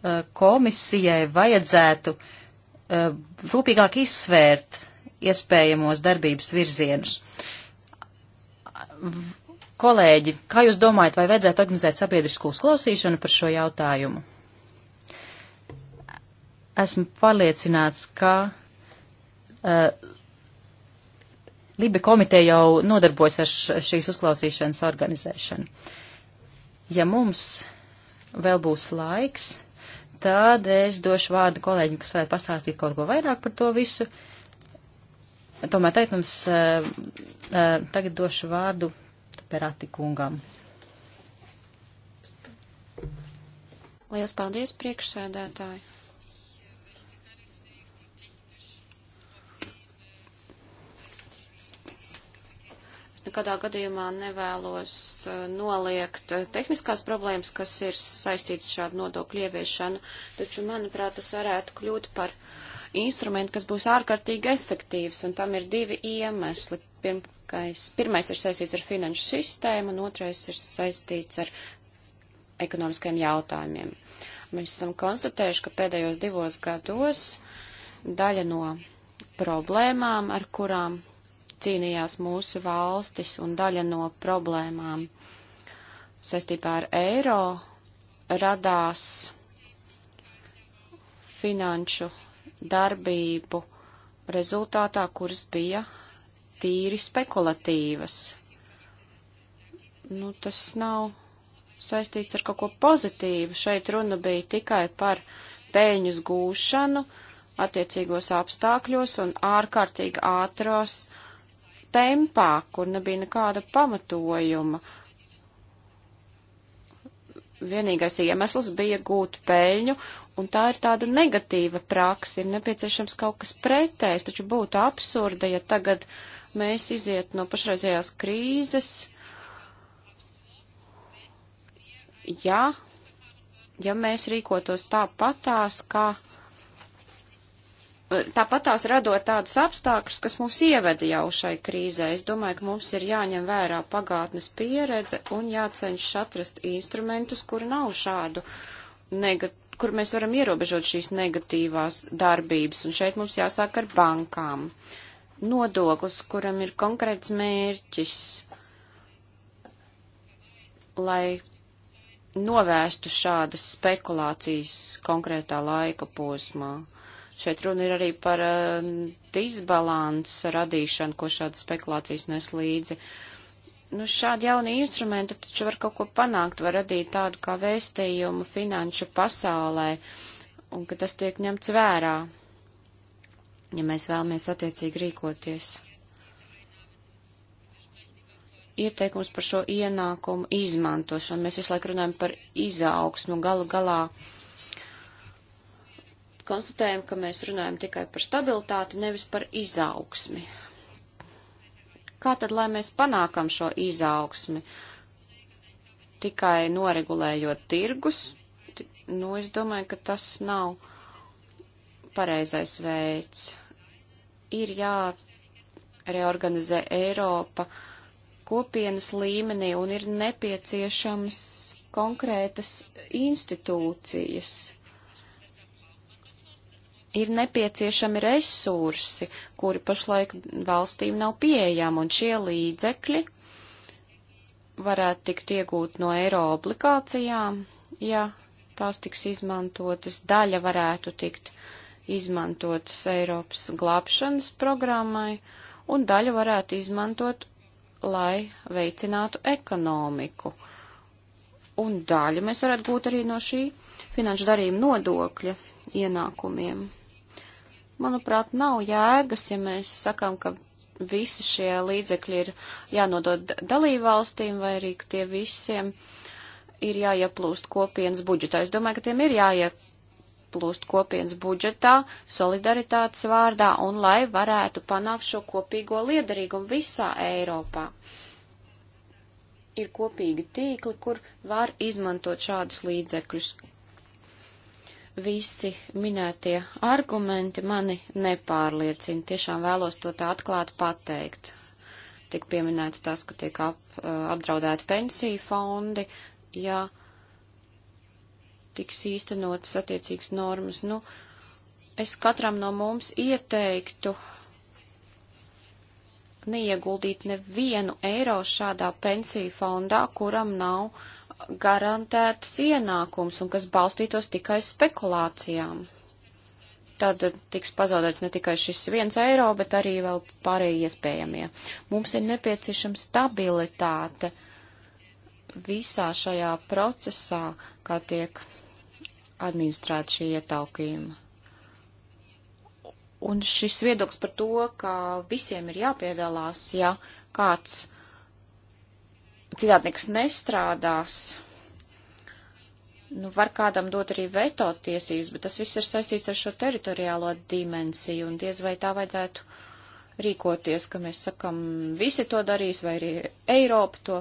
uh, komisijai vajadzētu uh, rūpīgāk izsvērt iespējamos darbības virzienus. V kolēģi, kā jūs domājat, vai vajadzētu organizēt sabiedrisku uzklausīšanu par šo jautājumu? Esmu pārliecināts, ka uh, Libe komiteja jau nodarbojas ar šīs uzklausīšanas organizēšanu. Ja mums vēl būs laiks, tad es došu vārdu kolēģim, kas varētu pastāstīt kaut ko vairāk par to visu. Tomēr teikt mums, uh, uh, tagad došu vārdu Perati kungam. Lielas paldies priekšsēdētāji! Es nekādā gadījumā nevēlos uh, noliegt uh, tehniskās problēmas, kas ir saistītas šādu nodokļu ieviešanu, taču, manuprāt, tas varētu kļūt par instrumentu, kas būs ārkārtīgi efektīvs, un tam ir divi iemesli. Pirmkais, pirmais ir saistīts ar finanšu sistēmu, un otrais ir saistīts ar ekonomiskajiem jautājumiem. Mēs esam konstatējuši, ka pēdējos divos gados daļa no problēmām, ar kurām cīnījās mūsu valstis un daļa no problēmām saistībā ar eiro radās finanšu darbību rezultātā, kuras bija tīri spekulatīvas. Nu, tas nav saistīts ar kaut ko pozitīvu. Šeit runa bija tikai par pēļņas gūšanu attiecīgos apstākļos un ārkārtīgi ātros uh, tempā, kur nebija nekāda pamatojuma. Vienīgais iemesls bija gūt peļņu, un tā ir tāda negatīva praksa, ir nepieciešams kaut kas pretējs, taču būtu absurda, ja tagad mēs iziet no pašreizējās krīzes, ja, ja mēs rīkotos tāpatās, kā. Ka tāpat tās radot tādus apstākļus, kas mūs ieveda jau šai krīzē. Es domāju, ka mums ir jāņem vērā pagātnes pieredze un jāceņšas atrast instrumentus, kur nav šādu negatīvu kur mēs varam ierobežot šīs negatīvās darbības, un šeit mums jāsāk ar bankām. Nodoklis, kuram ir konkrēts mērķis, lai novērstu šādas spekulācijas konkrētā laika posmā. Šeit runa ir arī par uh, eh, disbalansu radīšanu, ko šādas spekulācijas nes līdzi. Nu, šādi jauni instrumenti taču var kaut ko panākt, var radīt tādu kā vēstījumu finanšu pasaulē, un ka tas tiek ņemts vērā, ja mēs vēlamies attiecīgi rīkoties. Ieteikums par šo ienākumu izmantošanu. Mēs visu laiku runājam par izaugsmu galu galā. Uh, konstatējam, ka mēs runājam tikai par stabilitāti, nevis par izaugsmi. Kā tad, lai mēs panākam šo izaugsmi? Tikai noregulējot tirgus? Nu, es domāju, ka tas nav pareizais veids. Ir jāreorganizē Eiropa kopienas līmenī un ir nepieciešams konkrētas institūcijas ir nepieciešami resursi, kuri pašlaik valstīm nav pieejami, un šie līdzekļi varētu tikt iegūt no eiro obligācijām, ja tās tiks izmantotas, daļa varētu tikt izmantotas Eiropas glābšanas programmai, un daļa varētu izmantot, lai veicinātu ekonomiku. Un daļu mēs varētu būt arī no šī finanšu darījuma nodokļa ienākumiem. Manuprāt, nav jēgas, ja mēs sakām, ka visi šie līdzekļi ir jānodod dalībvalstīm vai arī, ka tie visiem ir jāieplūst kopienas budžetā. Es domāju, ka tiem ir jāieplūst kopienas budžetā, solidaritātes vārdā un lai varētu panākt šo kopīgo liederīgumu visā Eiropā ir kopīgi tīkli, kur var izmantot šādus līdzekļus, visi minētie argumenti mani nepārliecina. Tiešām vēlos to tā atklāti pateikt. Tik pieminēts tas, ka tiek ap, apdraudēti pensiju fondi, ja tiks īstenotas attiecīgas normas. Nu, es katram no mums ieteiktu neieguldīt nevienu eiro šādā pensiju fondā, kuram nav garantētas ienākums un kas balstītos tikai spekulācijām. Tad tiks pazaudēts ne tikai šis viens eiro, bet arī vēl pārējie iespējamie. Mums ir nepieciešama stabilitāte visā šajā procesā, kā tiek administrēta šī ietaukījuma. Un šis viedoklis par to, ka visiem ir jāpiedalās, ja kāds uh, citādi nekas nestrādās. Nu, var kādam dot arī veto tiesības, bet tas viss ir saistīts ar šo teritoriālo dimensiju, un diez vai tā vajadzētu rīkoties, ka mēs sakam, visi to darīs, vai arī Eiropa to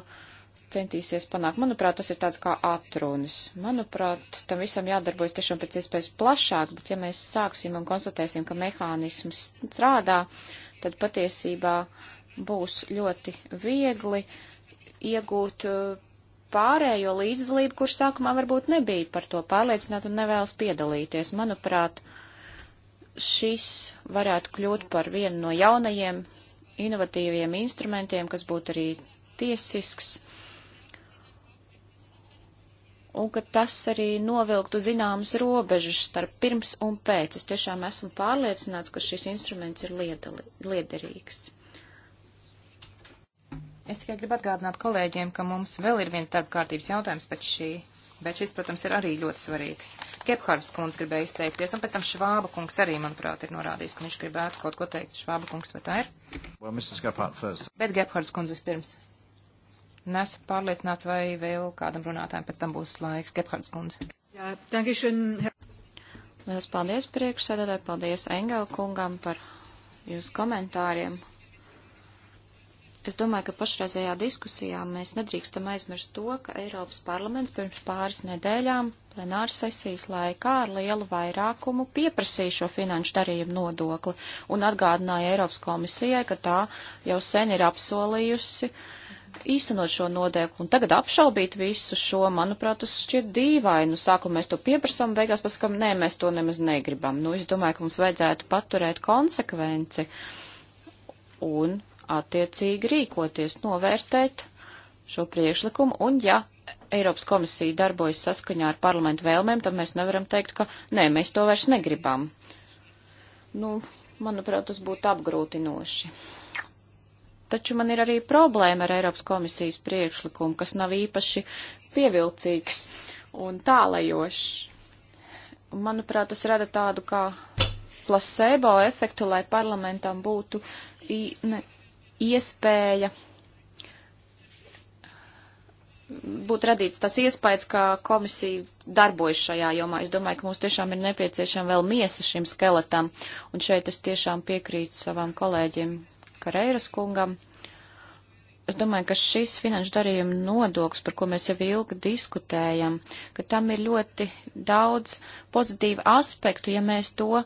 centīsies panākt. Manuprāt, tas ir tāds kā atrunis. Manuprāt, tam visam jādarbojas tiešām pēc iespējas plašāk, bet ja mēs sāksim un konstatēsim, ka mehānisms strādā, tad patiesībā būs ļoti viegli uh, iegūt eh, pārējo līdzdalību, kurš sākumā varbūt nebija par to pārliecināti un nevēlas piedalīties. Manuprāt, šis varētu kļūt par vienu no jaunajiem inovatīviem instrumentiem, kas būtu arī tiesisks, un ka tas arī novilktu zināmas robežas starp pirms un pēc. Es tiešām esmu pārliecināts, ka šis instruments ir liedali, liederīgs. Es tikai gribu atgādināt kolēģiem, ka mums vēl ir viens darba kārtības jautājums pēc šī, bet šis, protams, ir arī ļoti svarīgs. Gebhards kundze gribēja izteikties, un pēc tam Švāba kungs arī, manuprāt, ir norādījis, ka viņš gribētu kaut ko teikt. Švāba kungs, vai tā ir? Well, bet Gebhards kundze vispirms. Nesu pārliecināts, vai vēl kādam runātājam pēc tam būs laiks. Gebhards kundze. Jā, yeah, Lielas paldies priekšsēdētāji, paldies Engela kungam par jūsu komentāriem Es domāju, ka pašreizējā diskusijā mēs nedrīkstam aizmirst to, ka Eiropas parlaments pirms pāris nedēļām plenāras sesijas laikā ar lielu vairākumu pieprasīja šo finanšu darījumu nodokli un atgādināja Eiropas komisijai, ka tā jau sen ir apsolījusi īstenot šo nodēklu. Un tagad apšaubīt visu šo, manuprāt, tas šķiet dīvaini. Nu, sākumā mēs to pieprasām, beigās pasakām, nē, mēs to nemaz negribam. Nu, es domāju, ka mums vajadzētu paturēt konsekvenci un attiecīgi rīkoties, novērtēt šo priekšlikumu, un ja Eiropas komisija darbojas saskaņā ar parlamentu vēlmēm, tad mēs nevaram teikt, ka nē, mēs to vairs negribam. Nu, manuprāt, tas būtu apgrūtinoši. Taču man ir arī problēma ar Eiropas komisijas priekšlikumu, kas nav īpaši pievilcīgs un tālajošs. Manuprāt, tas rada tādu kā placebo efektu, lai parlamentam būtu ne, iespēja būtu radīts tas iespējas, ka komisija darbojas šajā jomā. Es domāju, ka mums tiešām ir nepieciešama vēl miesa šim skeletam, un šeit es tiešām piekrītu savam kolēģim Kareiras kungam. Es domāju, ka šis finanšu darījuma nodoks, par ko mēs jau ilgi diskutējam, ka tam ir ļoti daudz pozitīvu aspektu, ja mēs to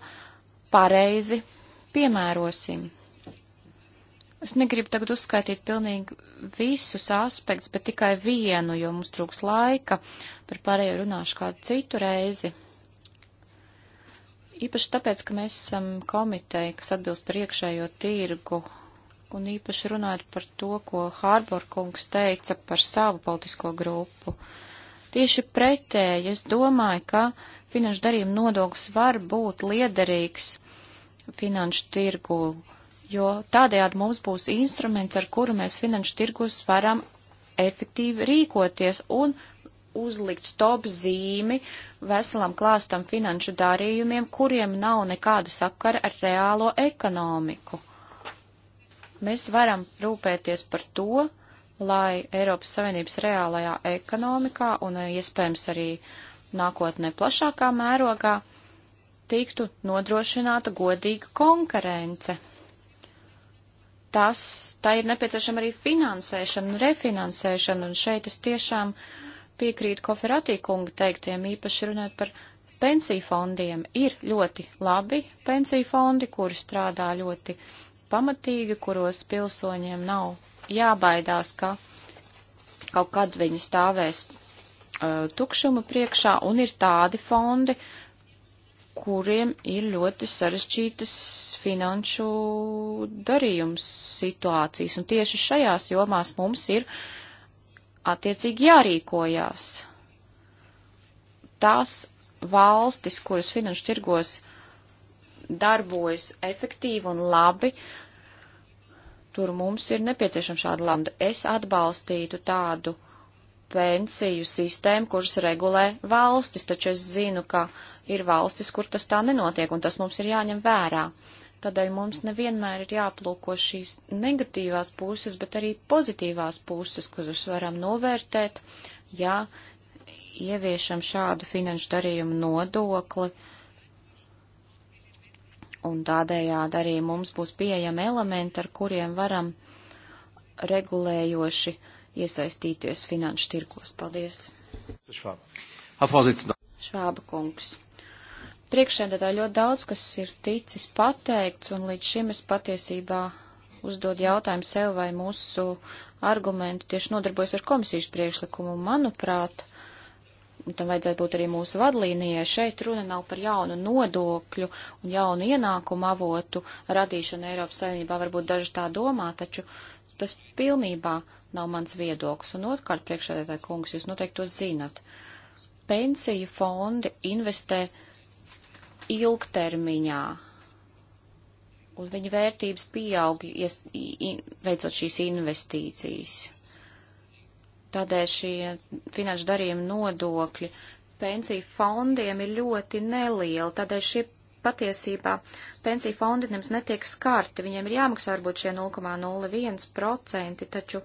pareizi piemērosim. Es negribu tagad uzskaitīt pilnīgi visus aspektus, bet tikai vienu, jo mums trūks laika. Par pārējo runāšu kādu citu reizi. Īpaši tāpēc, ka mēs esam komiteja, kas atbilst par iekšējo tirgu, un īpaši runājot par to, ko Hārborkungs teica par savu politisko grupu. Tieši pretēji, es domāju, ka finanšu darījuma nodoklis var būt liederīgs finanšu tirgu jo tādējādi mums būs instruments, ar kuru mēs finanšu tirgus varam efektīvi rīkoties un uzlikt stop zīmi veselam klāstam finanšu darījumiem, kuriem nav nekāda sakara ar reālo ekonomiku. Mēs varam rūpēties par to, lai Eiropas Savienības reālajā ekonomikā un eh, iespējams arī nākotnē plašākā mērogā tiktu nodrošināta godīga konkurence tas, tā ir nepieciešama arī finansēšana un refinansēšana, un šeit es tiešām piekrītu Koferatī kunga teiktiem, īpaši runāt par pensiju fondiem. Ir ļoti labi pensiju fondi, kuri strādā ļoti pamatīgi, kuros pilsoņiem nav jābaidās, ka kaut kad viņi stāvēs uh, tukšuma priekšā, un ir tādi fondi, uh, kuriem ir ļoti sarežģītas finanšu darījums situācijas, un tieši šajās jomās mums ir attiecīgi jārīkojās. Tās valstis, kuras finanšu tirgos darbojas efektīvi un labi, tur mums ir nepieciešama šāda lambda. Es atbalstītu tādu pensiju sistēmu, kuras regulē valstis, taču es zinu, ka uh, ir valstis, kur tas tā nenotiek, un tas mums ir jāņem vērā. Tādēļ mums nevienmēr ir jāplūko šīs negatīvās puses, bet arī pozitīvās puses, kuras varam novērtēt, ja ieviešam šādu finanšu darījumu nodokli. Un tādējādi arī mums būs pieejami elementi, ar kuriem varam regulējoši iesaistīties finanšu tirklos. Paldies! Švāba kungs priekšēdētāji ļoti daudz, kas ir ticis pateikts, un līdz šim es patiesībā uzdod jautājumu sev, vai mūsu argumenti tieši nodarbojas ar komisijas priekšlikumu. Manuprāt, tam vajadzētu būt arī mūsu vadlīnijai. Šeit runa nav par jaunu nodokļu un jaunu ienākumu avotu radīšanu Eiropas Savienībā. Varbūt daži tā domā, taču tas pilnībā nav mans viedoklis. Un otrkārt, priekšsēdētāji kungs, jūs noteikti to zinat. Pensiju fondi investē uh, ilgtermiņā. Un viņa vērtības pieaug, veicot šīs investīcijas. Tādēļ šie finanšu darījumi nodokļi pensiju fondiem ir ļoti nelieli, tādēļ šie patiesībā pensiju fondi nemaz netiek skarti, viņiem ir jāmaksā varbūt šie 0,01%, taču,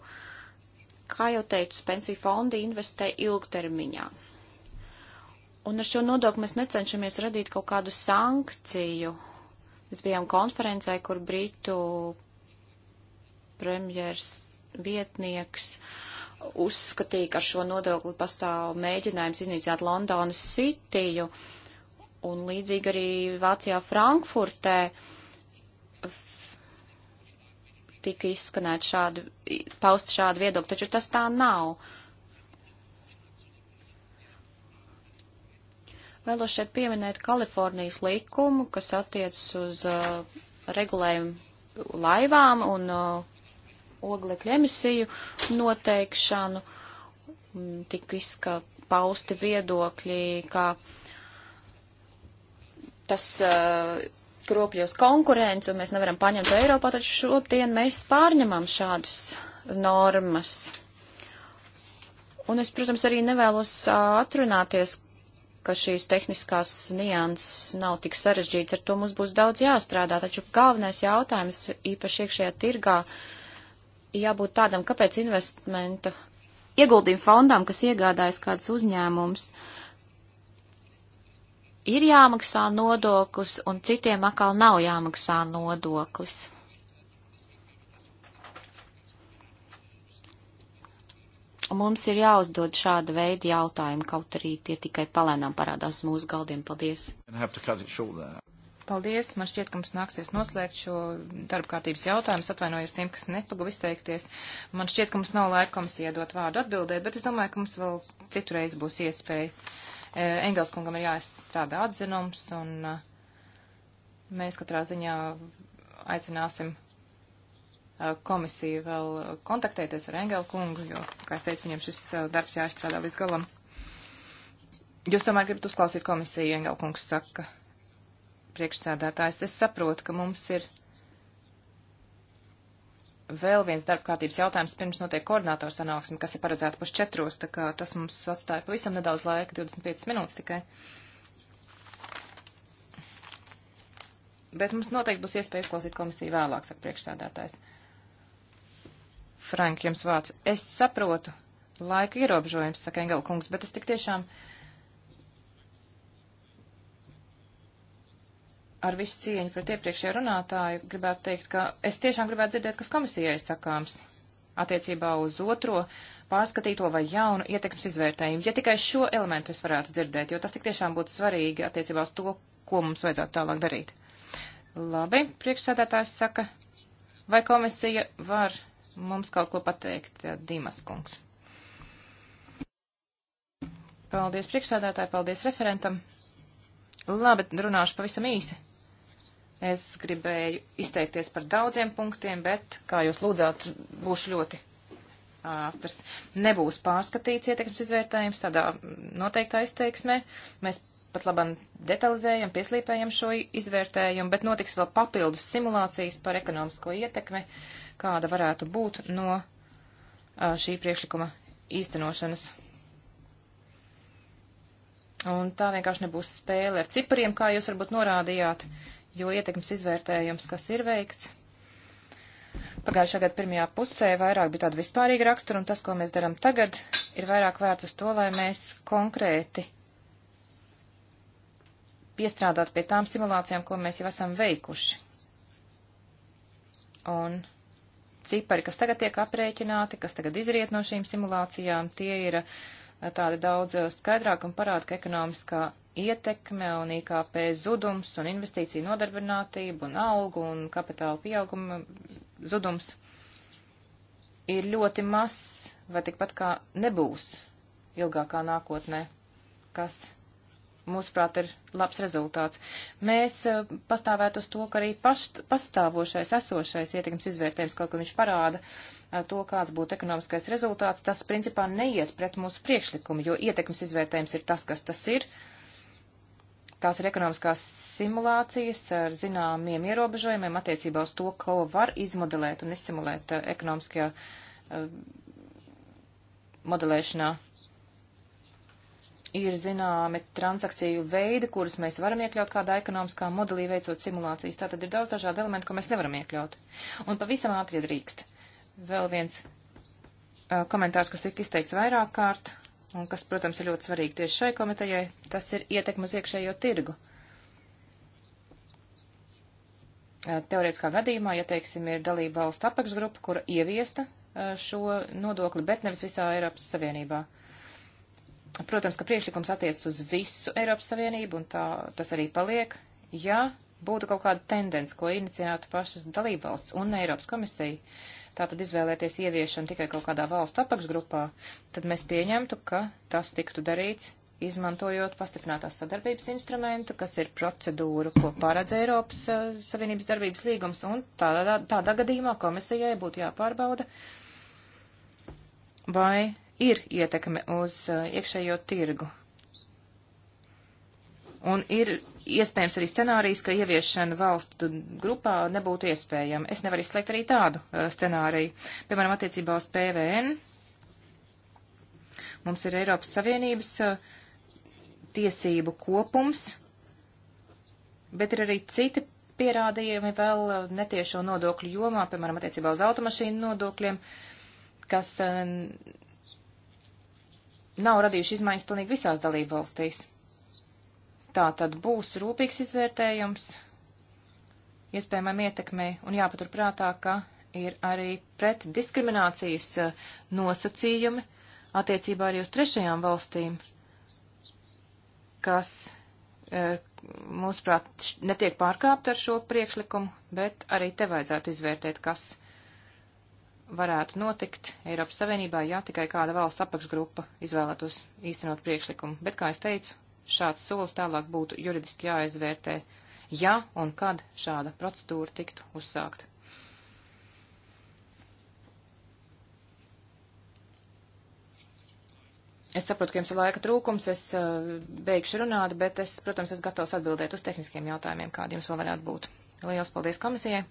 kā jau teicu, pensiju fondi investē ilgtermiņā. Un ar šo nodokli mēs necenšamies radīt kaut kādu sankciju. Mēs bijām konferencē, kur Britu premjers vietnieks uzskatīja, ka ar šo nodokli pastāv mēģinājums iznīcināt Londonas sitiju. Un līdzīgi arī Vācijā Frankfurtē tika izskanēt šādu, paust šādu viedokli, taču tas tā nav. Uh, Vēlos šeit pieminēt Kalifornijas likumu, kas attiecas uz uh, regulējumu laivām un uh, oglekļu emisiju noteikšanu. Tik izska pausti viedokļi, ka tas uh, kropļos konkurence un mēs nevaram paņemt to Eiropā, taču šodien mēs pārņemam šādas normas. Un es, protams, arī nevēlos uh, atrunāties, ka šīs tehniskās nianses nav tik sarežģītas, ar to mums būs daudz jāstrādā, taču galvenais jautājums īpaši iekšējā tirgā jābūt tādam, kāpēc investmenta ieguldījumu fondām, kas iegādājas kāds uzņēmums, ir jāmaksā nodoklis un citiem atkal nav jāmaksā nodoklis. Mums ir jāuzdod šāda veida jautājumi, kaut arī tie tikai palēnām parādās mūsu galdiem. Paldies! Paldies! Man šķiet, ka mums nāksies noslēgt šo darba kārtības jautājumu. Atvainojos tiem, kas nepagava izteikties. Man šķiet, ka mums nav laika komisija iedot vārdu atbildēt, bet es domāju, ka mums vēl citurreiz būs iespēja. E, Engels kungam ir jāizstrādā atzinums, un e, mēs katrā ziņā aicināsim Eh, komisiju vēl kontaktēties ar Engela kungu, jo, kā es teicu, viņiem šis eh, darbs jāizstrādā līdz galam. Jūs tomēr gribat uzklausīt komisiju, Engela kungs saka, priekšsēdētājs. Es saprotu, ka mums ir vēl viens darba kārtības jautājums pirms notiek koordinātors sanāksme, kas ir paredzēta pus četros, tā kā tas mums atstāja pavisam nedaudz laika, 25 minūtes tikai. Bet mums noteikti būs iespēja izklausīt komisiju vēlāk, saka priekšsēdētājs. Frank, jums vārds. Es saprotu laika ierobežojums, saka Engela kungs, bet es tik tiešām ar visu cieņu pret iepriekšējo runātāju gribētu teikt, ka es tiešām gribētu dzirdēt, kas komisijai sakāms attiecībā uz otro pārskatīto vai jaunu ietekmes izvērtējumu. Ja tikai šo elementu es varētu dzirdēt, jo tas tik tiešām būtu svarīgi attiecībā uz to, ko mums vajadzētu tālāk darīt. Labi, priekšsēdētājs saka, vai komisija var mums kaut ko pateikt, Dīmas kungs. Paldies priekšsādātāji, paldies referentam. Labi, runāšu pavisam īsi. Es gribēju izteikties par daudziem punktiem, bet, kā jūs lūdzāt, būšu ļoti ātrs. Nebūs pārskatīts ietekmes izvērtējums tādā noteiktā izteiksmē. Mēs pat labam detalizējam, pieslīpējam šo izvērtējumu, bet notiks vēl papildus simulācijas par ekonomisko ietekmi. Uh, kāda varētu būt no šī priekšlikuma īstenošanas. Un tā vienkārši nebūs spēle ar cipariem, kā jūs varbūt norādījāt, jo ietekmes izvērtējums, kas ir veikts. Pagājušā gada pirmajā pusē vairāk bija tāda vispārīga rakstura, un tas, ko mēs darām tagad, ir vairāk vērts uz to, lai mēs konkrēti piestrādāt pie tām simulācijām, ko mēs jau esam veikuši. Un cipari, kas tagad tiek aprēķināti, kas tagad izriet no šīm simulācijām, tie ir eh, tādi daudz eh, skaidrāk un parāda, ka ekonomiskā ietekme un IKP zudums un investīcija nodarbinātība un algu un kapitāla pieauguma zudums ir ļoti mazs vai tikpat kā nebūs ilgākā nākotnē, kas mūsuprāt, ir labs rezultāts. Mēs uh, pastāvētu uz to, ka arī pašt, pastāvošais, esošais ietekmes izvērtējums, kaut kā viņš parāda uh, to, kāds būtu ekonomiskais rezultāts, tas principā neiet pret mūsu priekšlikumu, jo ietekmes izvērtējums ir tas, kas tas ir. Tās ir ekonomiskās simulācijas ar zināmiem ierobežojumiem attiecībā uz to, ko var izmodelēt un izsimulēt uh, ekonomiskajā modelēšanā ir zināmi transakciju veidi, kurus mēs varam iekļaut kādā ekonomiskā modelī veicot simulācijas. Tātad ir daudz dažādu elementu, ko mēs nevaram iekļaut. Un pavisam ātri drīkst. Vēl viens uh, komentārs, kas tika izteikts vairāk kārt, un kas, protams, ir ļoti svarīgi tieši šai komitejai, tas ir ietekme uz iekšējo tirgu. Uh, Teorētiskā gadījumā, ja, teiksim, ir dalība valstu apakšgrupa, kura ieviesta uh, šo nodokli, bet nevis visā Eiropas Savienībā. Uh, Protams, ka priekšlikums attiecas uz visu Eiropas Savienību, un tā tas arī paliek, ja būtu kaut kāda tendence, ko inicijētu pašas dalībvalsts un Eiropas komisija. Tātad izvēlēties ieviešanu tikai kaut kādā valstu apakšgrupā, tad mēs pieņemtu, ka tas tiktu darīts, izmantojot pastiprinātās sadarbības instrumentu, kas ir procedūra, ko paredz Eiropas uh, Savienības darbības līgums, un tādā, tādā gadījumā komisijai būtu jāpārbauda, vai ir ietekme uz uh, iekšējo tirgu. Un ir iespējams arī scenārijs, ka ieviešana valstu grupā nebūtu iespējama. Es nevaru izslēgt arī tādu uh, scenāriju. Piemēram, attiecībā uz PVN mums ir Eiropas Savienības uh, tiesību kopums, bet ir arī citi pierādījumi vēl netiešo nodokļu jomā, piemēram, attiecībā uz automašīnu nodokļiem, kas nav radījuši izmaiņas pilnīgi visās dalību valstīs. Tā tad būs rūpīgs izvērtējums, iespējamam ietekmei un jāpaturprātā, ka ir arī pret diskriminācijas eh, nosacījumi attiecībā arī uz trešajām valstīm, kas, eh, mūsuprāt, netiek pārkāpta ar šo priekšlikumu, bet arī te vajadzētu izvērtēt, kas varētu notikt Eiropas Savienībā, ja tikai kāda valsts apakšgrupa izvēlētos īstenot priekšlikumu. Bet, kā es teicu, šāds solis tālāk būtu juridiski jāizvērtē, ja un kad šāda procedūra tiktu uzsākta. Es saprotu, ka jums ir laika trūkums, es uh, beigšu runāt, bet es, protams, esmu gatavs atbildēt uz tehniskiem jautājumiem, kādi jums vēl varētu būt. Lielas paldies komisijai!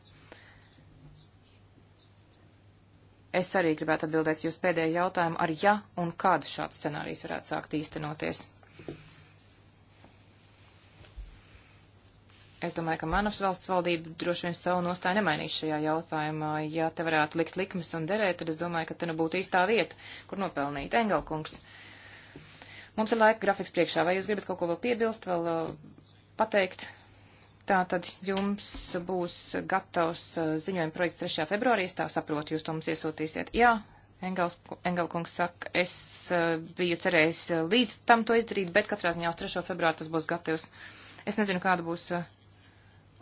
Es arī gribētu atbildēt jūs pēdējo jautājumu ar ja un kad šāds scenārijs varētu sākt īstenoties. Es domāju, ka manas valsts valdība droši vien savu nostāju nemainīs šajā jautājumā. Ja te varētu likt likmes un derēt, tad es domāju, ka te nu būtu īstā vieta, kur nopelnīt Engelkungs. Mums ir laika grafiks priekšā. Vai jūs gribat kaut ko vēl piebilst, vēl uh, pateikt? Tātad jums būs gatavs uh, ziņojuma projekts 3. februārī, es tā saprotu, jūs to mums iesūtīsiet. Jā, Engels, Engelkungs saka, es uh, biju cerējis uh, līdz tam to izdarīt, bet katrā ziņā uz 3. februāru tas būs gatavs. Es nezinu, kāda būs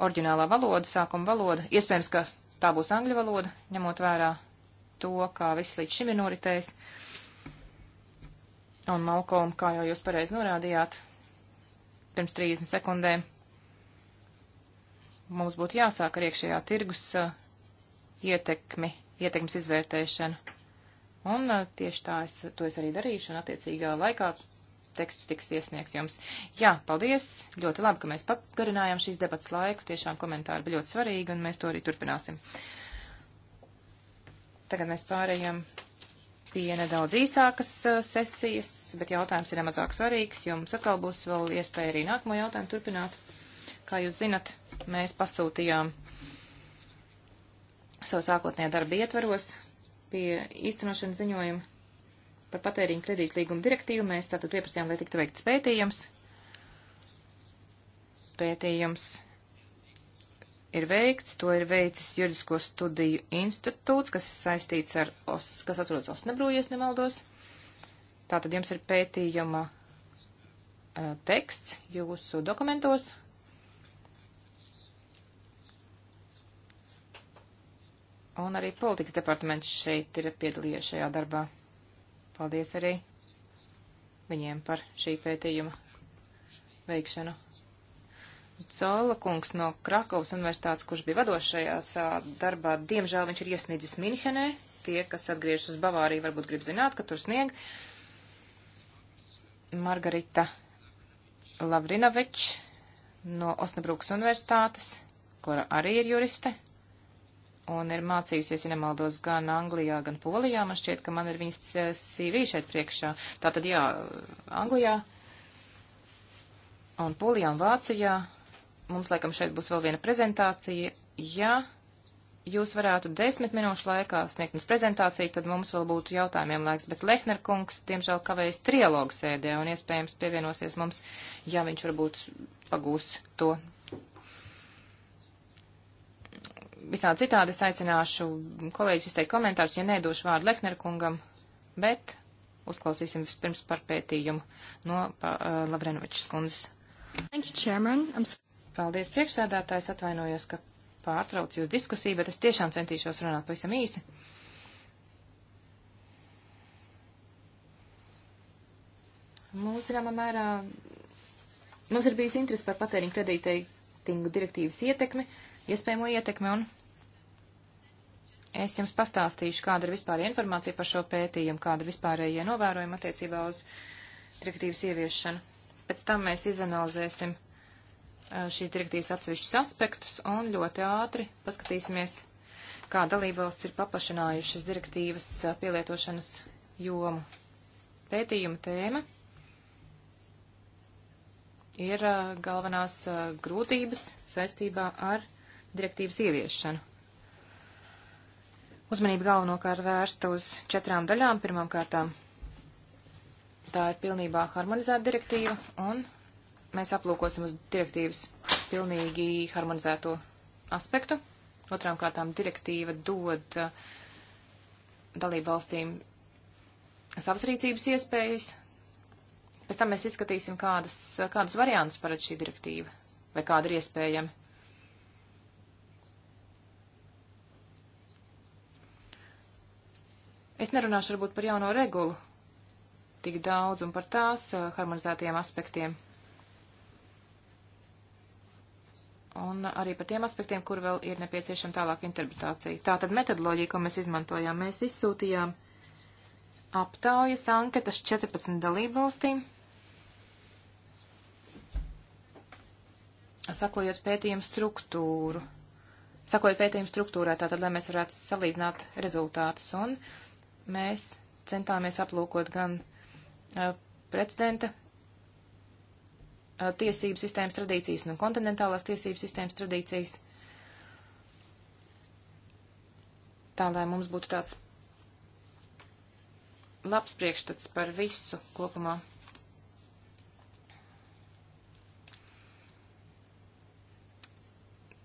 oriģinālā valoda, sākuma valoda. Iespējams, ka tā būs angļu valoda, ņemot vērā to, kā viss līdz šim ir noritējis. Un Malkolm, kā jau jūs pareizi norādījāt, pirms 30 sekundēm mums būtu jāsāk ar iekšējā tirgus uh, ietekmi, ietekmes izvērtēšanu. Un uh, tieši tā es to es arī darīšu, un attiecīgā laikā teksts tiks iesniegts jums. Jā, paldies! Ļoti labi, ka mēs pagarinājām šīs debats laiku. Tiešām komentāri bija ļoti svarīgi, un mēs to arī turpināsim. Tagad mēs pārējām pie nedaudz īsākas uh, sesijas, bet jautājums ir nemazāk svarīgs. Jums atkal būs vēl iespēja arī nākamo jautājumu turpināt. Kā jūs zinat, mēs pasūtījām savu sākotnējā darba ietvaros pie īstenošanas ziņojuma par patēriņu kredītu līgumu direktīvu. Mēs tātad pieprasījām, lai tiktu veikts pētījums. Pētījums ir veikts, to ir veicis juridisko studiju institūts, kas ir saistīts ar, os, kas atrodas Osnabrū, ja nemaldos. Tātad jums ir pētījuma uh, teksts jūsu dokumentos, Un arī politikas departaments šeit ir piedalījies šajā darbā. Paldies arī viņiem par šī pētījuma veikšanu. Cola kungs no Krakovas universitātes, kurš bija vadošajās darbā, diemžēl viņš ir iesniedzis Minhenē. Tie, kas atgriežas uz Bavāriju, varbūt grib zināt, ka tur snieg. Margarita Lavrinovič no Osnabrukas universitātes, kura arī ir juriste, un ir mācījusies, ja nemaldos, gan Anglijā, gan Polijā. Man šķiet, ka man ir viņas eh, CV šeit priekšā. Tātad, jā, Anglijā un Polijā un Vācijā. Mums, laikam, šeit būs vēl viena prezentācija. Ja jūs varētu desmit minūšu laikā sniegt mums prezentāciju, tad mums vēl būtu jautājumiem laiks, bet Lehner kungs, diemžēl, kavējas trialogu sēdē un iespējams pievienosies mums, ja viņš varbūt pagūs to visā citādi es aicināšu kolēģis izteikt komentārus, ja nedošu vārdu Lehner kungam, bet uzklausīsim vispirms par pētījumu no uh, Lavrenovičs kundzes. Paldies, priekšsēdētājs, atvainojos, ka pārtraucu jūs diskusiju, bet es tiešām centīšos runāt pavisam īsi. Mums ir, mērā, mums ir bijis interesi par patēriņu kredīteitingu direktīvas ietekmi, iespējamo ietekmi un Es jums pastāstīšu, kāda ir vispār informācija par šo pētījumu, kāda vispārējie novērojumi attiecībā uz direktīvas ieviešanu. Pēc tam mēs izanalizēsim šīs direktīvas atsevišķus aspektus un ļoti ātri paskatīsimies, kā dalībvalsts ir paplašinājušas direktīvas pielietošanas jomu. Pētījuma tēma ir galvenās grūtības saistībā ar direktīvas ieviešanu. Uzmanība galvenokārt vērsta uz četrām daļām. Pirmām kārtām tā ir pilnībā harmonizēta direktīva, un mēs aplūkosim uz direktīvas pilnīgi harmonizēto aspektu. Otrām kārtām direktīva dod uh, dalību valstīm savas rīcības iespējas. Pēc tam mēs izskatīsim, kādas, kādus variantus paredz šī direktīva, vai kāda ir iespējama. Es nerunāšu varbūt par jauno regulu tik daudz un par tās uh, harmonizētajiem aspektiem. Un arī par tiem aspektiem, kur vēl ir nepieciešama tālāka interpretācija. Tā tad metodoloģija, ko mēs izmantojām, mēs izsūtījām aptaujas anketas 14 dalību valstīm. Sakojot pētījumu struktūru, sakojot pētījumu struktūrā, tātad, lai mēs varētu salīdzināt rezultātus un uh, mēs centāmies aplūkot gan uh, precedenta uh, tiesību sistēmas tradīcijas, no kontinentālās tiesību sistēmas tradīcijas, tā lai mums būtu tāds labs priekšstats par visu kopumā.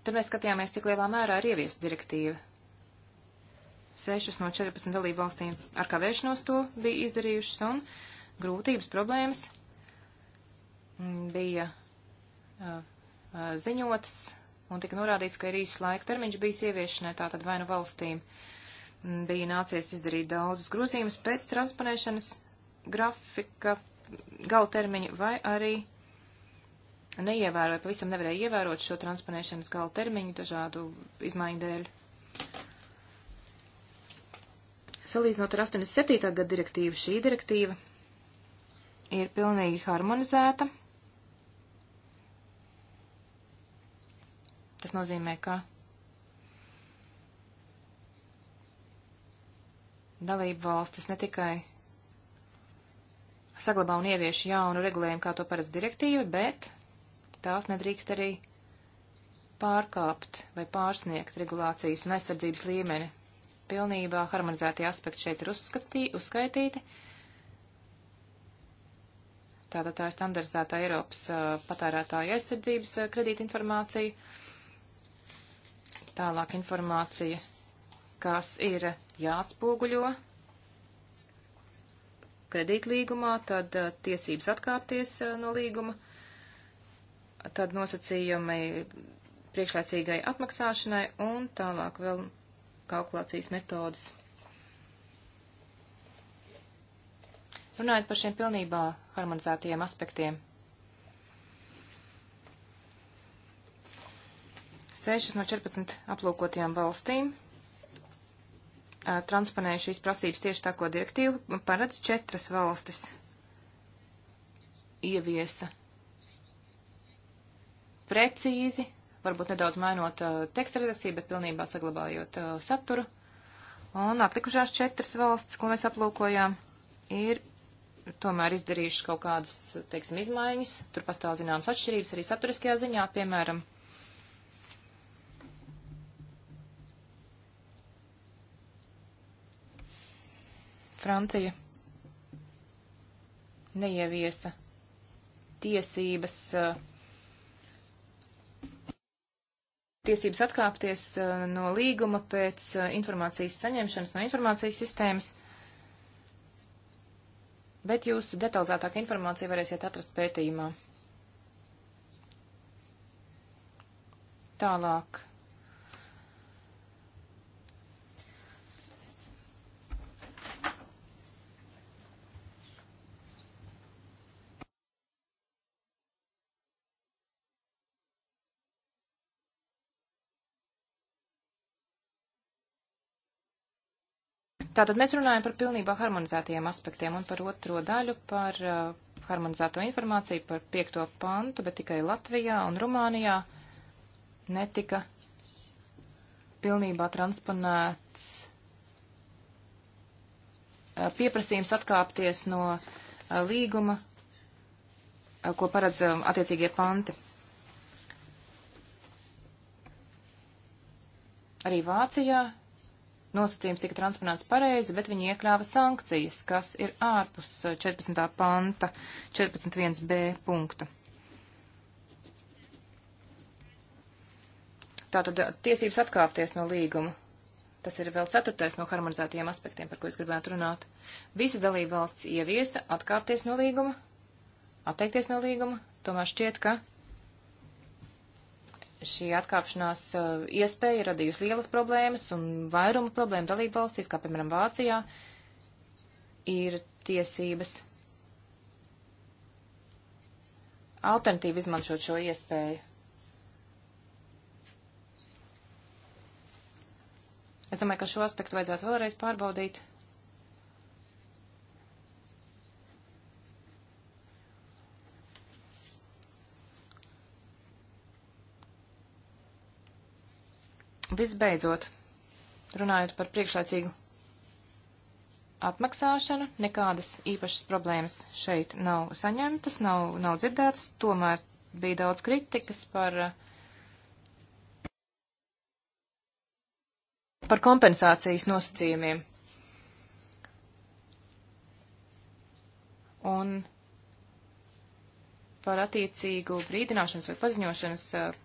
Tad mēs skatījāmies, cik lielā mērā ir ieviesta direktīva 6 no 14 dalību valstīm ar kavēšanos to bija izdarījušas, un grūtības problēmas bija uh, ziņotas, un tika norādīts, ka ir īsts laika termiņš bijis ieviešanai, tātad vai nu valstīm bija nācies izdarīt daudzus grozījumus pēc transponēšanas grafika gala termiņa, vai arī neievēroja, pavisam nevarēja ievērot šo transponēšanas gala termiņu dažādu izmaiņu dēļ. Salīdzinot ar 87. gada direktīvu, šī direktīva ir pilnīgi harmonizēta. Tas nozīmē, ka dalību valstis ne tikai saglabā un ievieš jaunu regulējumu, kā to paredz direktīva, bet tās nedrīkst arī pārkāpt vai pārsniegt regulācijas un aizsardzības līmeni, pilnībā harmonizētie aspekti šeit ir uzskatī, uzskaitīti. Tātad tā ir standartizētā Eiropas uh, patērētāja aizsardzības uh, kredīta informācija. Tālāk informācija, kas ir jāatspoguļo kredītlīgumā, tad uh, tiesības atkāpties no līguma, tad nosacījumi priekšlaicīgai atmaksāšanai un tālāk vēl kalkulācijas metodas. Runājot par šiem pilnībā harmonizētajiem aspektiem. Sešas no 14 aplūkotajām valstīm transponēja šīs prasības tieši tā, ko direktīva paredz četras valstis ieviesa precīzi varbūt nedaudz mainot uh, teksta redakciju, bet pilnībā saglabājot uh, saturu. Un atlikušās četras valstis, ko mēs aplūkojām, ir tomēr izdarījušas kaut kādas, teiksim, izmaiņas. Tur pastāv zināmas atšķirības arī saturiskajā ziņā, piemēram. Francija neieviesa tiesības uh, tiesības atkāpties eh, no līguma pēc eh, informācijas saņemšanas no informācijas sistēmas, bet jūs detalizētāk informāciju varēsiet atrast pētījumā. Tālāk Tātad mēs runājam par pilnībā harmonizētajiem aspektiem un par otro daļu par uh, harmonizēto informāciju par piekto pantu, bet tikai Latvijā un Rumānijā netika pilnībā transponēts uh, pieprasījums atkāpties no uh, līguma, uh, ko paredz um, attiecīgie panti. Arī Vācijā nosacījums tika transponēts pareizi, bet viņi iekļāva sankcijas, kas ir ārpus 14. Eh, panta 14.1b punkta. Tātad eh, tiesības atkāpties no līguma. Tas ir vēl ceturtais no harmonizētajiem aspektiem, par ko es gribētu runāt. Visa dalība valsts ieviesa atkāpties no līguma, atteikties no līguma, tomēr šķiet, ka šī atkāpšanās eh, iespēja radījusi lielas problēmas un vairumu problēmu dalību valstīs, kā piemēram Vācijā, ir tiesības alternatīvi izmantot šo iespēju. Es domāju, ka šo aspektu vajadzētu vēlreiz pārbaudīt. Visbeidzot, runājot par priekšlaicīgu apmaksāšanu, nekādas īpašas problēmas šeit nav saņemtas, nav, nav dzirdētas, tomēr bija daudz kritikas par, par kompensācijas nosacījumiem. Un par attiecīgu brīdināšanas vai paziņošanas eh,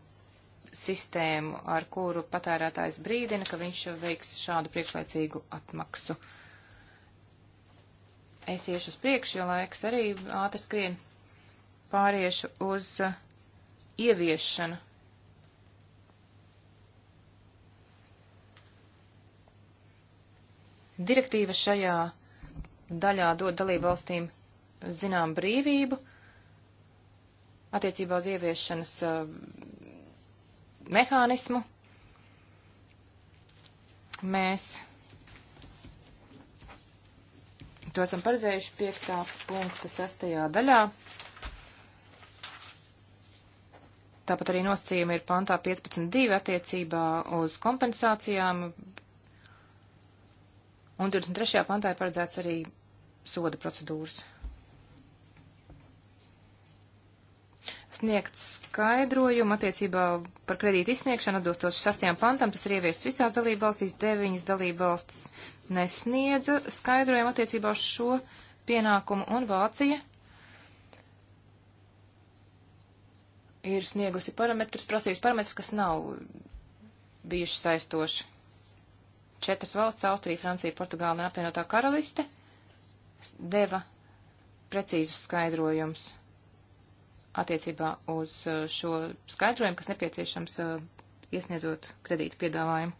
sistēmu, ar kuru patērētājs brīdina, ka viņš veiks šādu priekšlaicīgu atmaksu. Es iešu uz priekšu, jo laiks arī ātri skrien. Pāriešu uz uh, ieviešanu. Direktīva šajā daļā dod dalību valstīm zinām brīvību attiecībā uz ieviešanas uh, mehānismu. Mēs to esam paredzējuši 5. punkta 6. daļā. Tāpat arī nosacījumi ir pantā 15.2 attiecībā uz kompensācijām, un 23. pantā ir paredzēts arī soda procedūras. sniegt skaidrojumu attiecībā par kredītu izsniegšanu atbilstoši sastajām pantam. Tas ir ieviests visās dalībvalstīs, deviņas dalībvalstis nesniedza skaidrojumu attiecībā uz šo pienākumu, un Vācija ir sniegusi parametrus, prasījusi parametrus, kas nav bijuši saistoši. Četras valsts - Austrija, Francija, Portugāla un apvienotā karaliste - deva precīzus skaidrojumus attiecībā uz uh, šo skaidrojumu, kas nepieciešams uh, iesniedzot kredītu piedāvājumu.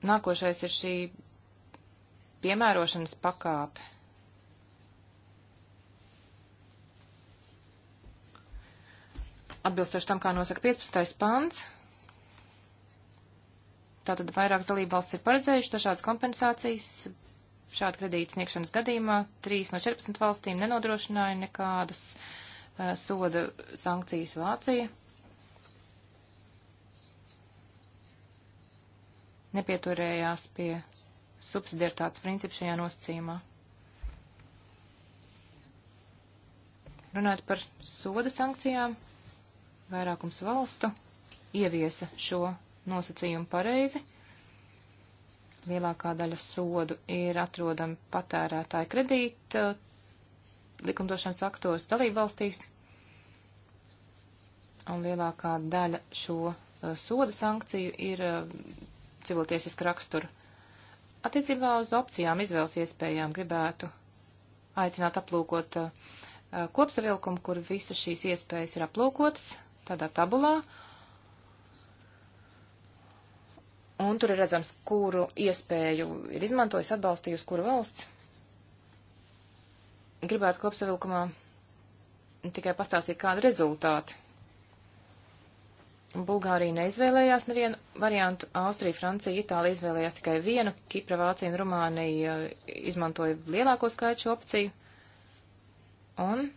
Nākošais ir šī piemērošanas pakāpe atbilstoši tam, kā nosaka 15. pants. Tātad vairākas dalībvalsts ir paredzējuši dažādas kompensācijas. Šāda kredīta sniegšanas gadījumā 3 no 14 valstīm nenodrošināja nekādas uh, soda sankcijas Vācija. Nepieturējās pie subsidiertāts principu šajā nosacījumā. Runājot par soda sankcijām, vairākums valstu ieviesa šo nosacījumu pareizi. Lielākā daļa sodu ir atrodama patērētāja kredīta uh, likumdošanas aktos dalību valstīs, un lielākā daļa šo uh, soda sankciju ir uh, civiltiesiska rakstura. Attiecībā uz opcijām izvēles iespējām gribētu aicināt aplūkot kopsavilkumu, kur visas šīs iespējas ir aplūkotas, tādā tabulā. Un tur ir redzams, kuru iespēju ir izmantojis, atbalstījusi kura valsts. Gribētu kopsavilkumā tikai pastāstīt kādu rezultātu. Bulgārija neizvēlējās nevienu variantu, Austrija, Francija, Itālija izvēlējās tikai vienu, Kipra, Vācija un Rumānija eh, izmantoja lielāko skaitu opciju. Un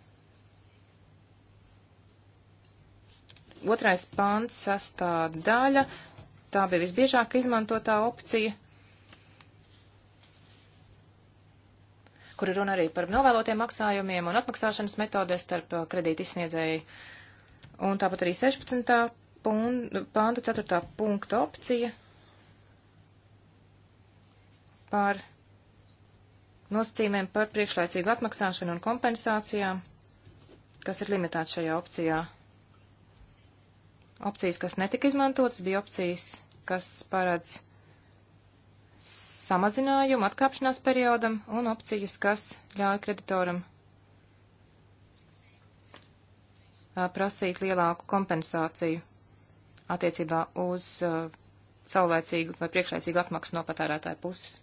Otrais pants sastāvdaļa. Tā bija visbiežāk izmantotā opcija, kur ir runa arī par novēlotiem maksājumiem un atmaksāšanas metodēs starp uh, kredīti izsniedzēju. Un tāpat arī 16. pānta 4. punkta opcija par nosacījumiem par priekšlaicīgu atmaksāšanu un kompensācijām, kas ir limitēts šajā opcijā. Opcijas, kas netika izmantotas, bija opcijas, kas paredz samazinājumu atkāpšanās periodam un opcijas, kas ļauj kreditoram prasīt lielāku kompensāciju attiecībā uz uh, saulēcīgu vai priekšlaicīgu atmaksu no patērētāja puses.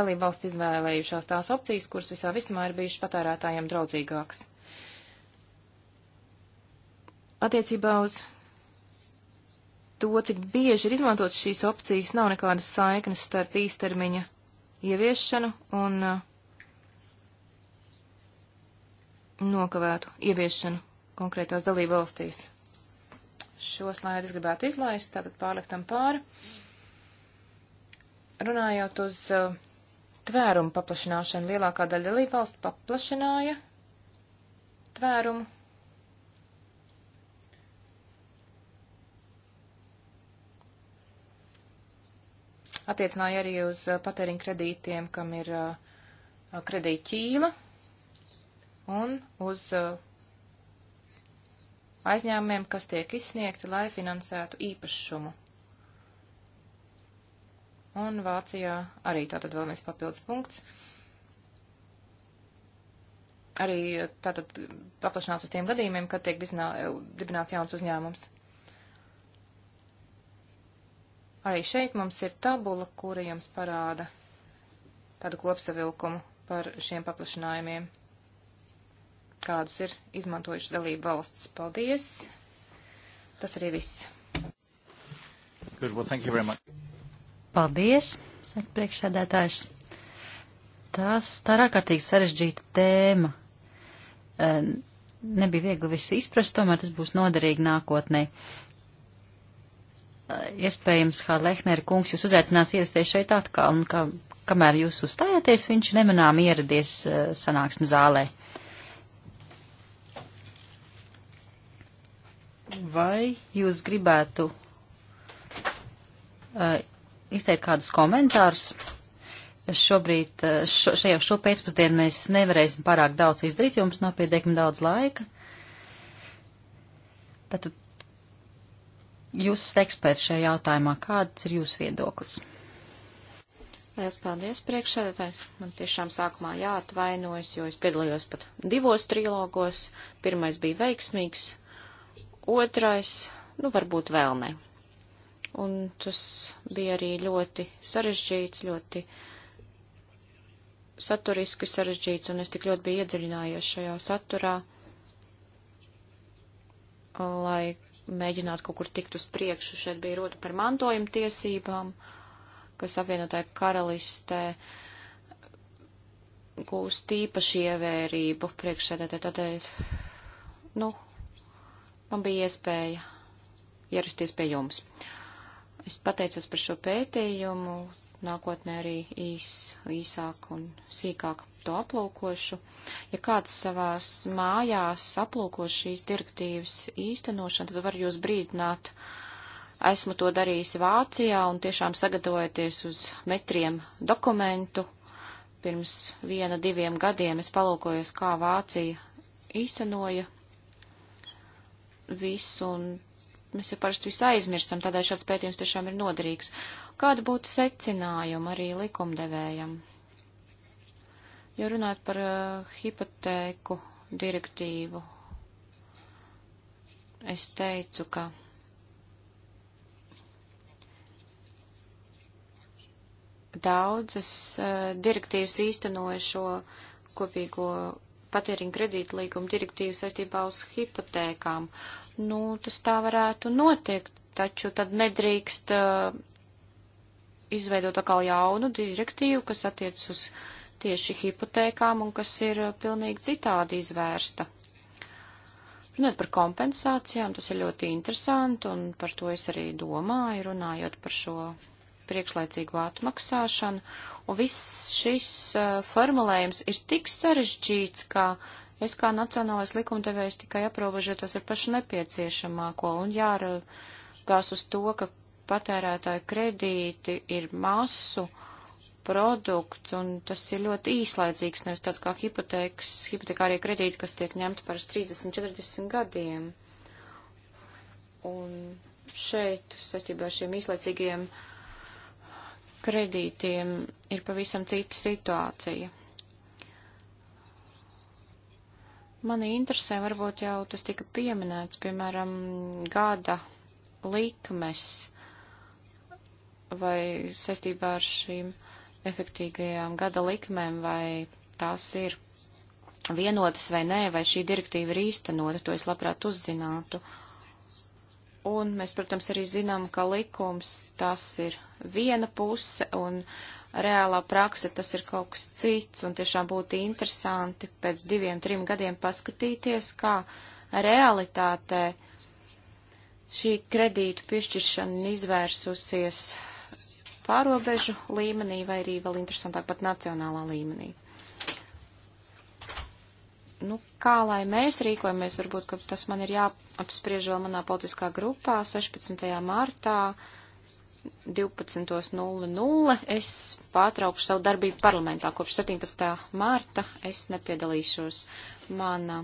Dalība valsts izvēlējušās tās opcijas, kuras visā vismā ir bijušas patērētājiem draudzīgākas attiecībā uz to, cik bieži ir izmantotas šīs opcijas, nav nekādas saiknes starp īstermiņa ieviešanu un uh, nokavētu ieviešanu konkrētās dalību valstīs. Šo slaidu es gribētu izlaist, tātad pārliktam pāri. Runājot uz uh, tvērumu paplašināšanu, lielākā daļa dalību valstu paplašināja tvērumu attiecināja arī uz uh, patēriņu kredītiem, kam ir uh, uh, kredīt ķīla un uz aizņēmumiem, kas tiek izsniegti, lai finansētu īpašumu. Un Vācijā arī tātad vēl viens papildus punkts. Arī tātad paplašināts uz tiem gadījumiem, kad tiek dibināts jauns uzņēmums. Arī šeit mums ir tabula, kura jums parāda tādu kopsavilkumu par šiem paplašinājumiem, kādus ir izmantojuši dalību valsts. Paldies! Tas arī viss. Good, well, thank you very much. Paldies, saka priekšsēdētājs. Tās tā ir ārkārtīgi sarežģīta tēma. Eh, nebija viegli visu izprast, tomēr tas būs noderīgi nākotnē iespējams, kā Lehner kungs jūs uzaicinās ierasties šeit atkal, un ka, kamēr jūs uzstājāties, viņš nemanām ieradies uh, eh, sanāksmu zālē. Vai jūs gribētu uh, izteikt kādus komentārus? Šobrīd, eh, šo, šajā šo pēcpusdienu mēs nevarēsim pārāk daudz izdarīt, jo mums nav pietiekami daudz laika. Tātad Jūs esat eksperts šajā jautājumā. Kāds ir jūsu viedoklis? Lielas paldies, priekšsēdētājs. Man tiešām sākumā jāatvainojas, jo es piedalījos pat divos trilogos. Pirmais bija veiksmīgs, otrais, nu, varbūt vēl ne. Un tas bija arī ļoti sarežģīts, ļoti saturiski sarežģīts, un es tik ļoti biju iedziļinājies šajā saturā, lai mēģināt kaut kur tikt uz priekšu. Šeit bija runa par mantojuma tiesībām, kas apvienotāja karalistē gūst īpaši ievērību priekšsēdētē. Tādēļ, nu, man bija iespēja ierasties pie jums. Uh, Es pateicos par šo pētījumu, nākotnē arī īs, īsāk un sīkāk to aplūkošu. Ja kāds savās mājās aplūko šīs direktīvas īstenošanu, tad var jūs brīdināt. Esmu to darījis Vācijā un tiešām sagatavojoties uz metriem dokumentu. Pirms viena, diviem gadiem es palūkojos, kā Vācija īstenoja visu un mēs jau parasti visu aizmirstam, tādēļ šāds pētījums tiešām ir noderīgs. Kāda būtu secinājuma arī likumdevējam? Jo runāt par uh, hipotēku direktīvu, es teicu, ka. Daudzas uh, direktīvas īstenoja šo kopīgo patēriņa kredītlīguma direktīvu saistībā uz hipotēkām, nu, tas tā varētu notiekt, taču tad nedrīkst uh, izveidot atkal jaunu direktīvu, kas attiec uz tieši hipotēkām un kas ir uh, pilnīgi citādi izvērsta. Runājot par kompensācijām, tas ir ļoti interesanti, un par to es arī domāju, runājot par šo priekšlaicīgo atmaksāšanu. Un viss šis uh, formulējums ir tik sarežģīts, ka Es kā nacionālais likumdevējs tikai aprobežotos ar pašu nepieciešamāko un jāragās uz to, ka patērētāju kredīti ir masu produkts, un tas ir ļoti īslaicīgs, nevis tāds kā hipotēkas, hipotekārie kredīti, kas tiek ņemti par 30-40 gadiem. Un šeit, saistībā ar šiem īslaicīgiem kredītiem, ir pavisam cita situācija. Mani interesē, varbūt jau tas tika pieminēts, piemēram, gada likmes vai saistībā ar šīm efektīgajām gada likmēm, vai tās ir vienotas vai nē, vai šī direktīva ir īstenota, to es labprāt uzzinātu. Un mēs, protams, arī zinām, ka likums tas ir viena puse, un uh, reālā praksa tas ir kaut kas cits, un tiešām būtu interesanti pēc diviem, trim gadiem paskatīties, kā realitātē šī kredītu piešķiršana izvērsusies pārobežu līmenī vai arī vēl interesantāk pat nacionālā līmenī. Nu, kā lai mēs rīkojamies, varbūt, ka tas man ir jāapspriež vēl manā politiskā grupā 16. martā. Uh, 12.00 es pārtraukšu savu darbību parlamentā. Kopš 17. mārta es nepiedalīšos. Mana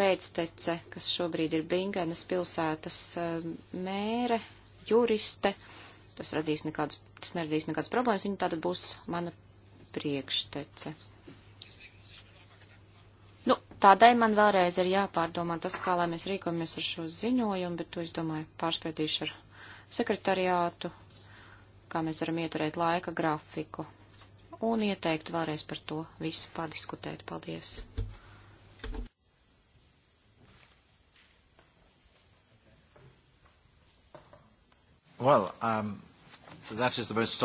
pēctece, kas šobrīd ir Bringenas pilsētas eh, mēre, juriste, tas, radīs nekādas, tas neradīs nekādas problēmas, viņa tātad būs mana priekštece. Nu, tādai man vēlreiz ir jāpārdomā tas, kā lai mēs rīkojamies ar šo ziņojumu, bet to es domāju pārspētīšu ar sekretariātu kā mēs varam ieturēt laika grafiku. Un ieteikt vēlreiz par to visu padiskutēt. Paldies! Well, um, that is the most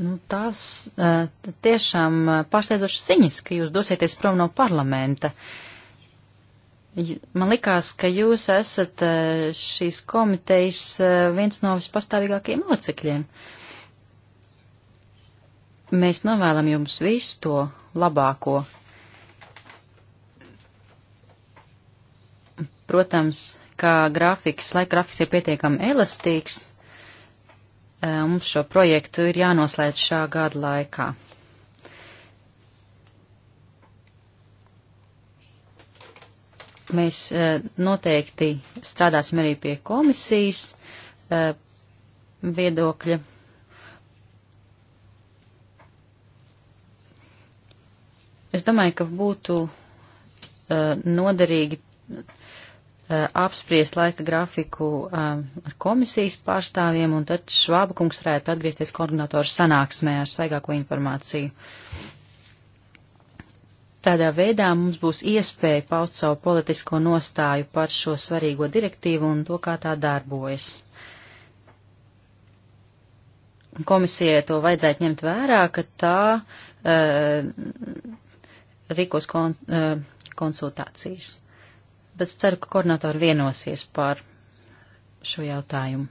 Nu, tās eh, tiešām eh, pārsteidzošas ziņas, ka jūs dosieties prom no parlamenta. Uh, Man likās, ka jūs esat eh, šīs komitejas eh, viens no vispastāvīgākajiem locekļiem. Mēs novēlam jums visu to labāko. Protams, kā grafiks, lai grafiks ir pietiekami elastīgs, eh, mums šo projektu ir jānoslēdz šā gada laikā. Mēs eh, noteikti strādāsim arī pie komisijas eh, viedokļa. Es domāju, ka būtu uh, noderīgi uh, apspriest laika grafiku uh, ar komisijas pārstāvjiem, un tad Švāba kungs varētu atgriezties koordinatoru sanāksmē ar saigāko informāciju. Tādā veidā mums būs iespēja paust savu politisko nostāju par šo svarīgo direktīvu un to, kā tā darbojas. Komisijai to vajadzētu ņemt vērā, ka tā uh, rīkos kon, uh, konsultācijas. Bet ceru, ka koordinatori vienosies par šo jautājumu.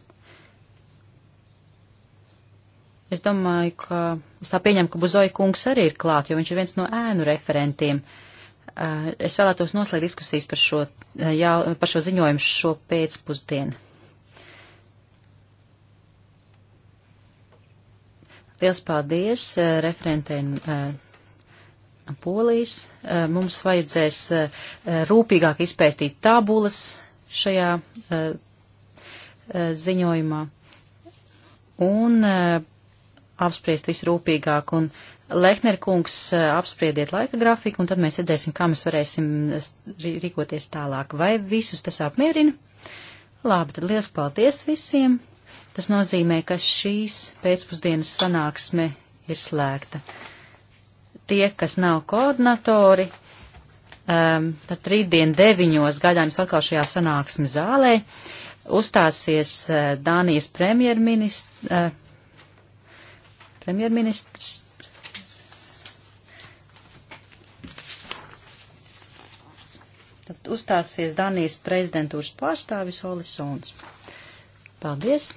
Es domāju, ka es tā pieņemu, ka Buzoja kungs arī ir klāt, jo viņš ir viens no ēnu referentiem. Uh, es vēlētos noslēgt diskusijas par šo, uh, jā, par šo ziņojumu šo pēcpusdienu. Liels paldies uh, referentēm Polijas. Mums vajadzēs rūpīgāk izpētīt tabulas šajā ziņojumā. Un apspriest visrūpīgāk. Un Lehner kungs eh, apspriediet laika grafiku, un tad mēs redzēsim, kā mēs varēsim eh, rīkoties tālāk. Vai visus tas apmierina? Labi, tad liels paldies visiem. Tas nozīmē, ka šīs pēcpusdienas sanāksme ir slēgta. Tie, kas nav koordinatori, um, tad rītdien deviņos gaidāms atkal šajā sanāksme zālē uzstāsies uh, Dānijas premjerministrs. Uh, premjerministrs. Tad uzstāsies Danijas prezidentūras pārstāvis Olis Sons. Paldies!